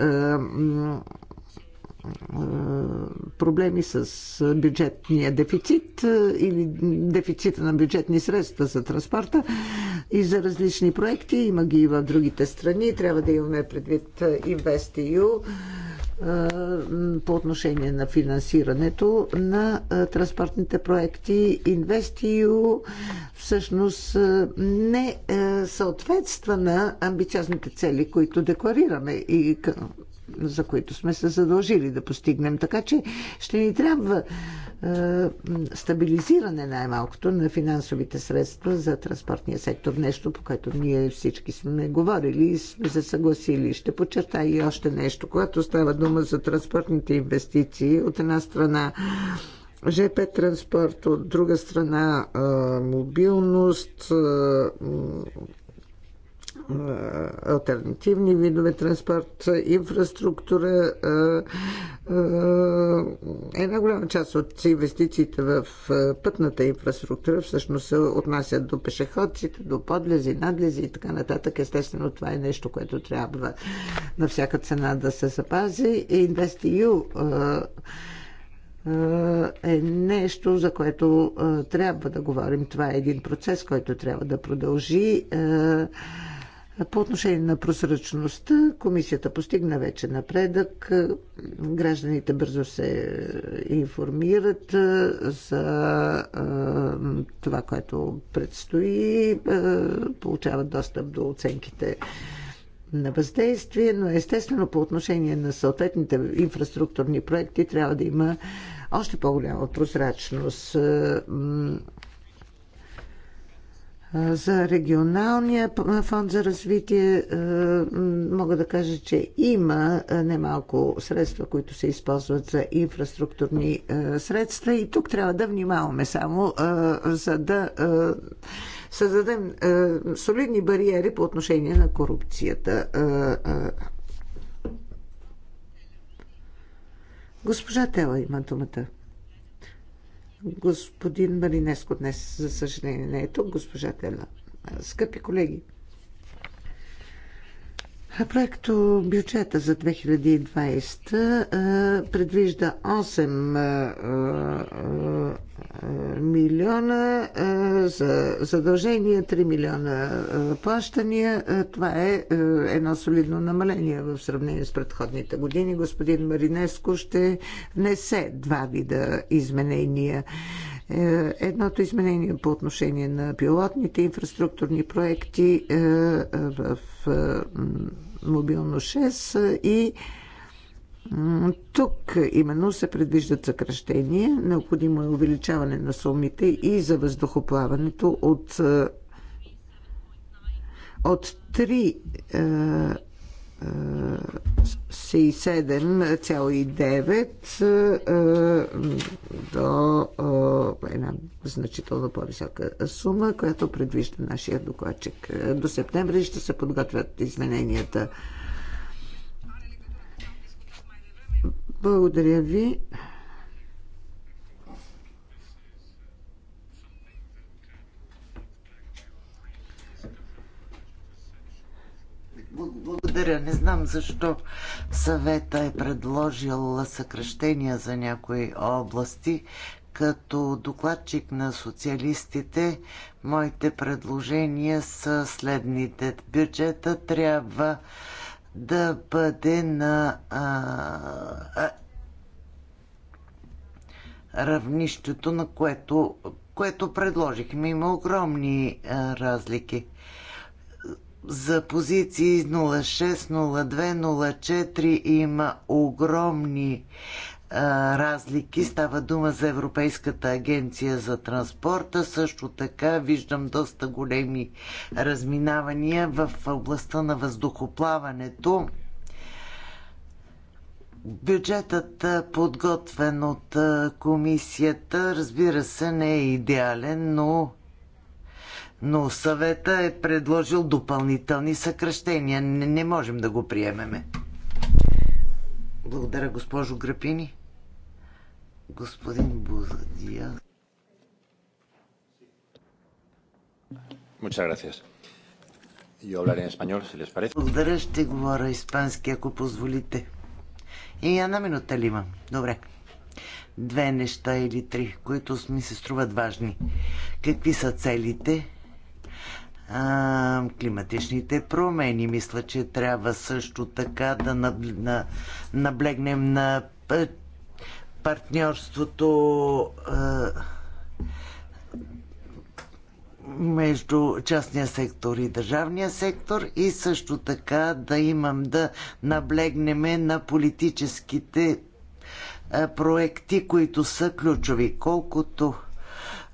проблеми с бюджетния дефицит или дефицита на бюджетни средства за транспорта и за различни проекти. Има ги и в другите страни. Трябва да имаме предвид InvestEU по отношение на финансирането на транспортните проекти. Инвестио всъщност не съответства на амбициозните цели, които декларираме и за които сме се задължили да постигнем. Така че ще ни трябва е, стабилизиране най-малкото на финансовите средства за транспортния сектор. Нещо, по което ние всички сме говорили и сме се съгласили. Ще почерта и още нещо. Когато става дума за транспортните инвестиции, от една страна ЖП транспорт, от друга страна е, мобилност, е, е, альтернативни видове транспорт, инфраструктура. Е, е, една голяма част от инвестициите в пътната инфраструктура всъщност се отнасят до пешеходците, до подлези, надлези и така нататък. Естествено, това е нещо, което трябва на всяка цена да се запази. И InvestEU е нещо, за което трябва да говорим. Това е един процес, който трябва да продължи. По отношение на просрочността, комисията постигна вече напредък. Гражданите бързо се е, информират е, за е, това, което предстои, получават достъп до оценките на въздействие, но естествено по отношение на съответните инфраструктурни проекти трябва да има още по-голяма прозрачност. За регионалния фонд за развитие мога да кажа, че има немалко средства, които се използват за инфраструктурни средства и тук трябва да внимаваме само за да създадем солидни бариери по отношение на корупцията. Госпожа Тела има думата. Господин Маринеско днес, за съжаление, не е тук. Госпожа Тела. Скъпи колеги, Проекто бюджета за 2020 предвижда 8 милиона за задължения, 3 милиона плащания. Това е едно солидно намаление в сравнение с предходните години. Господин Маринеско ще внесе два вида изменения. Е, едното изменение по отношение на пилотните инфраструктурни проекти е, в е, мобилно 6 и тук именно се предвиждат съкръщения. Необходимо е увеличаване на сумите и за въздухоплаването от е, от 3 67,9 е, до е, една значително по-висока сума, която предвижда нашия докладчик. До септември ще се подготвят измененията. Благодаря ви. Благодаря. Не знам защо съвета е предложил съкръщения за някои области. Като докладчик на социалистите, моите предложения са следните. Бюджета трябва да бъде на а, равнището, на което, което предложихме. Има огромни а, разлики за позиции 06, 02, 04 има огромни а, разлики. Става дума за Европейската агенция за транспорта. Също така виждам доста големи разминавания в областта на въздухоплаването. Бюджетът, подготвен от комисията, разбира се, не е идеален, но но съвета е предложил допълнителни съкръщения. Не, не можем да го приемеме. Благодаря, госпожо Грапини. Господин Бузадия. Muchas gracias. Yo hablaré en español, si les parece. Благодаря, ще говоря испански, ако позволите. И една минута ли имам? Добре. Две неща или три, които ми се струват важни. Какви са целите а, климатичните промени. Мисля, че трябва също така да наблегнем на партньорството а, между частния сектор и държавния сектор и също така да имам да наблегнем на политическите проекти, които са ключови. Колкото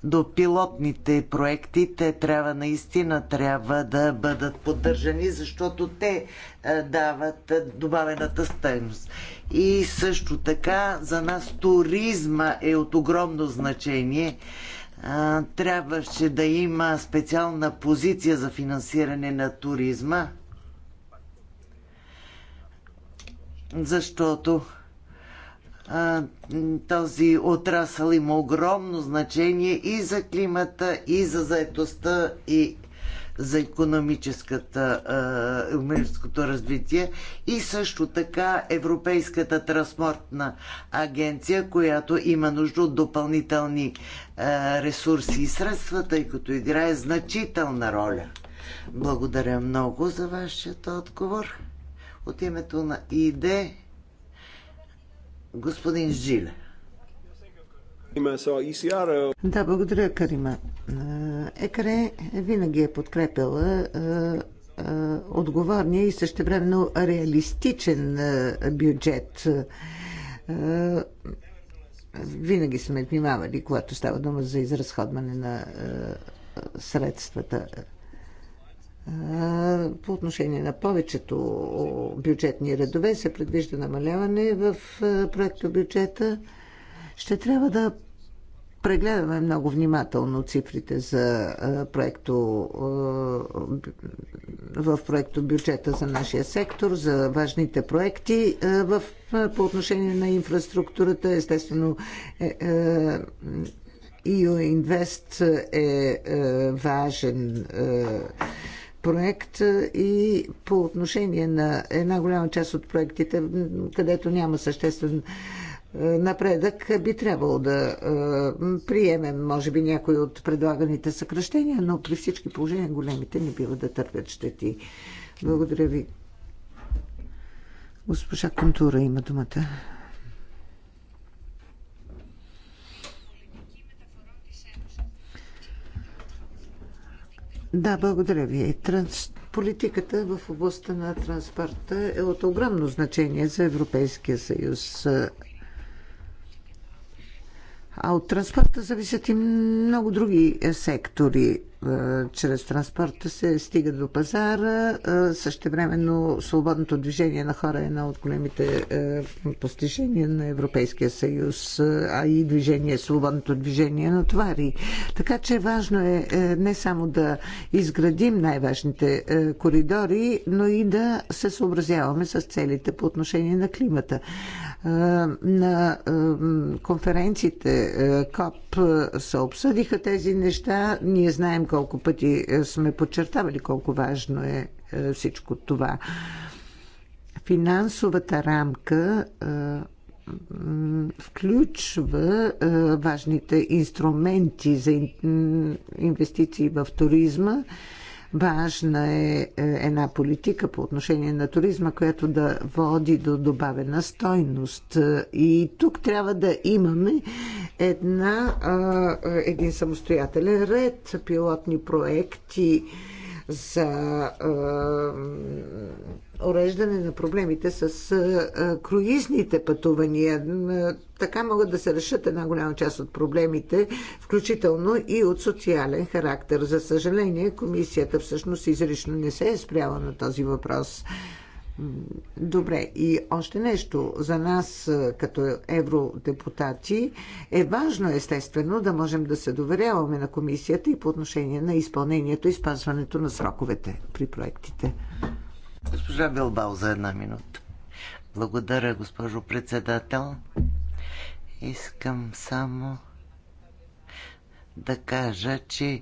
до пилотните проекти, те трябва наистина трябва да бъдат поддържани, защото те е, дават добавената стойност. И също така за нас туризма е от огромно значение. Е, трябваше да има специална позиция за финансиране на туризма, защото този отрасъл има огромно значение и за климата, и за заетостта, и за економическата, економическото развитие и също така Европейската транспортна агенция, която има нужда от допълнителни ресурси и средства, тъй като играе значителна роля. Благодаря много за вашият отговор. От името на ИДЕ Господин Жиле. Да, благодаря, Карима. Екаре винаги е подкрепила е, е, отговорния и същевременно реалистичен е, бюджет. Винаги сме внимавали, когато става дума за изразходване на средствата. По отношение на повечето бюджетни редове се предвижда намаляване в проекта бюджета. Ще трябва да прегледаме много внимателно цифрите за проекто, в проекто бюджета за нашия сектор, за важните проекти в, по отношение на инфраструктурата. Естествено, е, е, EU Invest е, е важен е, проект и по отношение на една голяма част от проектите, където няма съществен напредък, би трябвало да приемем, може би, някои от предлаганите съкръщения, но при всички положения големите не бива да търпят щети. Благодаря ви. Госпожа Контура има думата. Да, благодаря ви. Транс... Политиката в областта на транспорта е от огромно значение за Европейския съюз. А от транспорта зависят и много други сектори. Е, чрез транспорта се стига до пазара. Е, същевременно свободното движение на хора е едно от големите е, постижения на Европейския съюз, а и движение, свободното движение на товари. Така че важно е не само да изградим най-важните коридори, но и да се съобразяваме с целите по отношение на климата. Е, на е, конференциите е, КОП се обсъдиха тези неща. Ние знаем колко пъти сме подчертавали колко важно е всичко това. Финансовата рамка включва важните инструменти за инвестиции в туризма Важна е, е една политика по отношение на туризма, която да води до добавена стойност. И тук трябва да имаме една, един самостоятелен ред, пилотни проекти, за уреждане на проблемите с круизните пътувания. Така могат да се решат една голяма част от проблемите, включително и от социален характер. За съжаление, комисията всъщност изрично не се е спряла на този въпрос. Добре, и още нещо за нас като евродепутати е важно естествено да можем да се доверяваме на комисията и по отношение на изпълнението и спазването на сроковете при проектите. Госпожа Белбал за една минута. Благодаря, госпожо председател. Искам само да кажа, че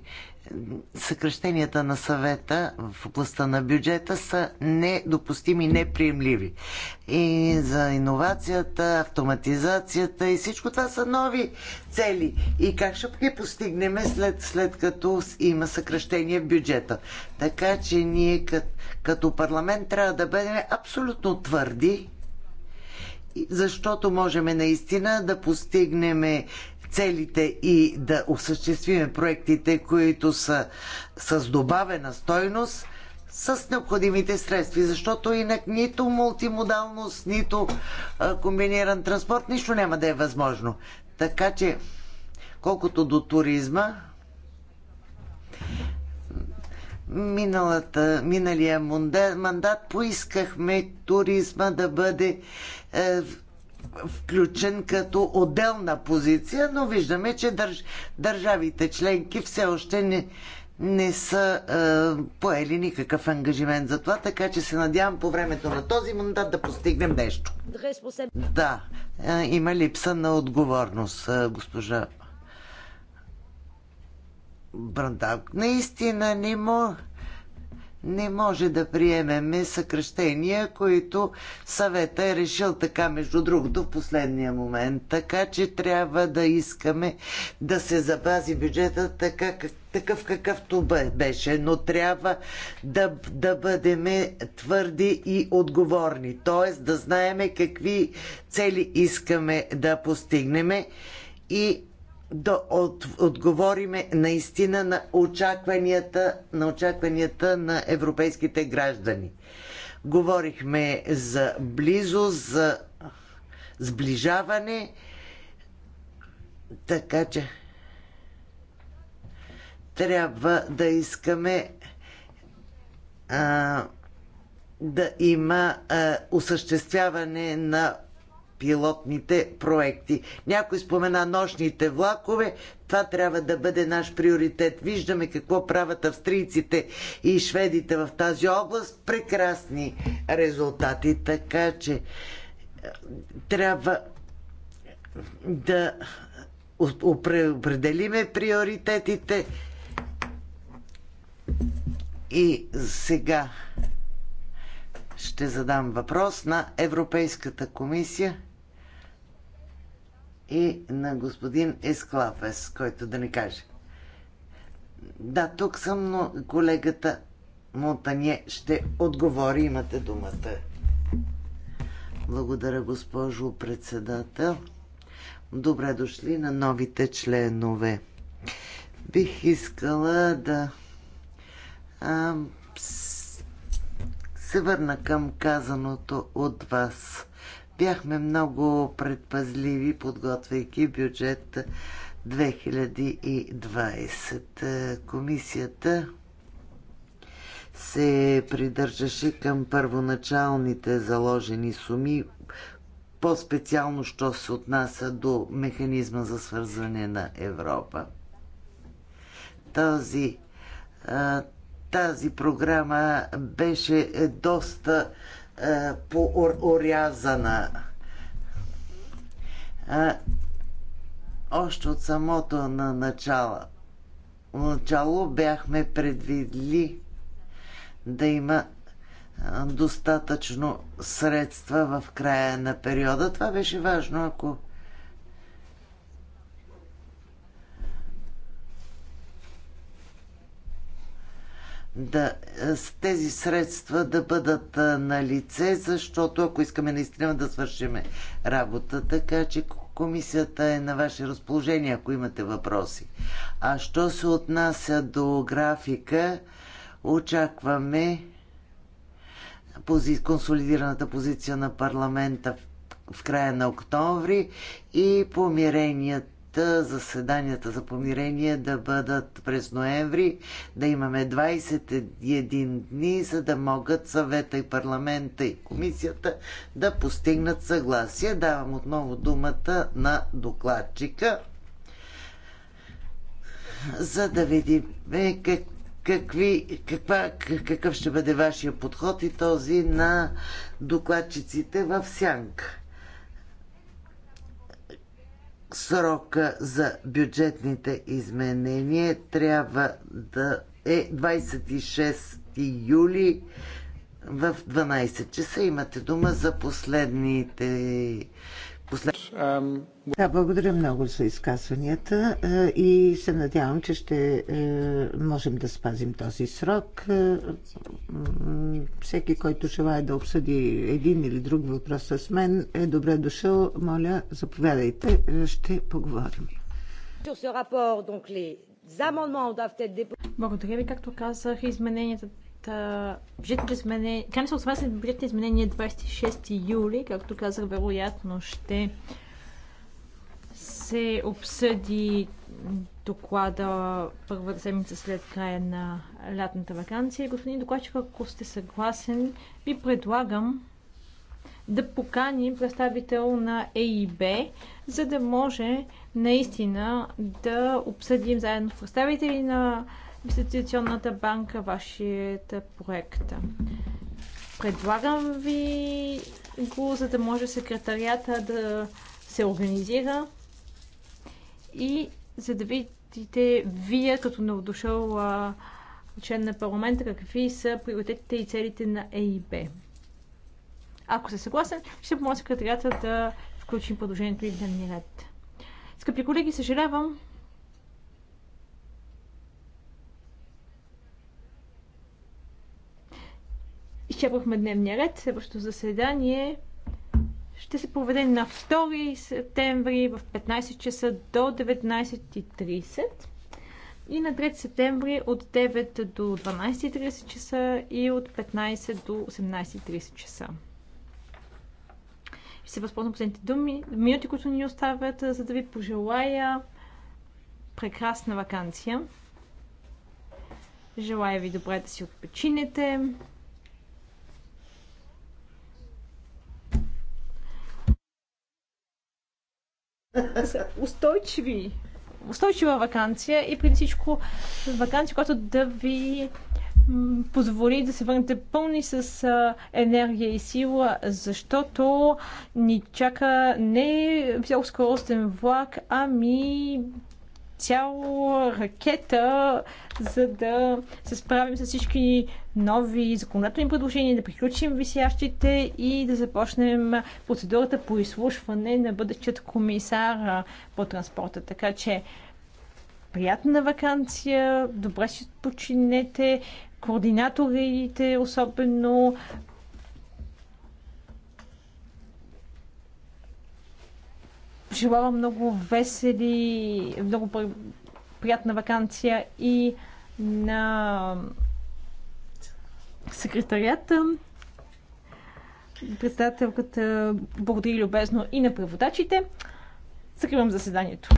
съкръщенията на съвета в областта на бюджета са недопустими, неприемливи. И за иновацията, автоматизацията и всичко това са нови цели. И как ще ги постигнем след, след като има съкръщение в бюджета? Така че ние като, като парламент трябва да бъдем абсолютно твърди защото можем наистина да постигнем целите и да осъществиме проектите, които са с добавена стойност, с необходимите средства, защото инак нито мултимодалност, нито а, комбиниран транспорт, нищо няма да е възможно. Така че, колкото до туризма, миналата, миналия мандат поискахме туризма да бъде е, включен като отделна позиция, но виждаме, че държ, държавите членки все още не, не са е, поели никакъв ангажимент за това, така че се надявам по времето на този мандат да постигнем нещо. Да, е, има липса на отговорност, е, госпожа Брандак. Наистина не мога не може да приемеме съкръщения, които съвета е решил така между другото в последния момент. Така че трябва да искаме да се запази бюджета така, как, такъв какъвто беше, но трябва да, да бъдем твърди и отговорни, т.е. да знаеме какви цели искаме да постигнем и да от, отговориме наистина на очакванията, на очакванията на европейските граждани. Говорихме за близост, за сближаване, така че трябва да искаме а, да има а, осъществяване на пилотните проекти. Някой спомена нощните влакове. Това трябва да бъде наш приоритет. Виждаме какво правят австрийците и шведите в тази област. Прекрасни резултати. Така че е, трябва да определиме приоритетите и сега ще задам въпрос на Европейската комисия и на господин Есклапес, който да ни каже. Да, тук съм, но колегата Монтанье ще отговори. Имате думата. Благодаря, госпожо председател. Добре дошли на новите членове. Бих искала да а, се върна към казаното от вас бяхме много предпазливи, подготвяйки бюджет 2020. Комисията се придържаше към първоначалните заложени суми, по-специално, що се отнася до механизма за свързване на Европа. Този, тази програма беше доста е, по е, Още от самото на начало, начало бяхме предвидли да има е, достатъчно средства в края на периода. Това беше важно, ако да, е, с тези средства да бъдат е, на лице, защото ако искаме наистина да свършим работа, така че комисията е на ваше разположение, ако имате въпроси. А що се отнася до графика, очакваме пози... консолидираната позиция на парламента в края на октомври и помиреният заседанията за помирение да бъдат през ноември, да имаме 21 дни, за да могат съвета и парламента и комисията да постигнат съгласие. Давам отново думата на докладчика, за да видим е, как, какви, каква, какъв ще бъде вашия подход и този на докладчиците в сянка срока за бюджетните изменения трябва да е 26 юли в 12 часа. Имате дума за последните Um, да, благодаря много за изказванията е, и се надявам, че ще е, можем да спазим този срок. Е, всеки, който желая да обсъди един или друг въпрос с мен, е добре дошъл. Моля, заповядайте, ще поговорим. Благодаря ви, както казах, измененията бюджетните изменения, крайно бюджетни изменения 26 юли, както казах, вероятно ще се обсъди доклада първата седмица след края на лятната вакансия. Господин докладчик, ако сте съгласен, ви предлагам да поканим представител на ЕИБ, за да може наистина да обсъдим заедно с представители на Инвестиционната банка вашият проект. Предлагам ви го, за да може секретарията да се организира и за да видите вие като новодошъл член на парламента какви са приоритетите и целите на ЕИБ. Ако сте съгласен, ще помоля секретарята да включим продължението и в дневния ред. Скъпи колеги, съжалявам, изчерпахме дневния ред. Следващото заседание ще се проведе на 2 септември в 15 часа до 19.30 и на 3 септември от 9 до 12.30 часа и от 15 до 18.30 часа. Ще се възползвам последните думи, минути, които ни оставят, за да ви пожелая прекрасна вакансия. Желая ви добре да си отпочинете. <laughs> устойчиви. Устойчива вакансия и преди всичко вакансия, която да ви позволи да се върнете пълни с енергия и сила, защото ни чака не високоскоростен влак, ами Цяло ракета, за да се справим с всички нови законодателни предложения, да приключим висящите и да започнем процедурата по изслушване на бъдещият комисар по транспорта. Така че приятна вакансия, добре си починете, координаторите особено, Желавам много весели, много приятна вакансия и на секретарията. Председателката благодари любезно и на преводачите. Закривам заседанието.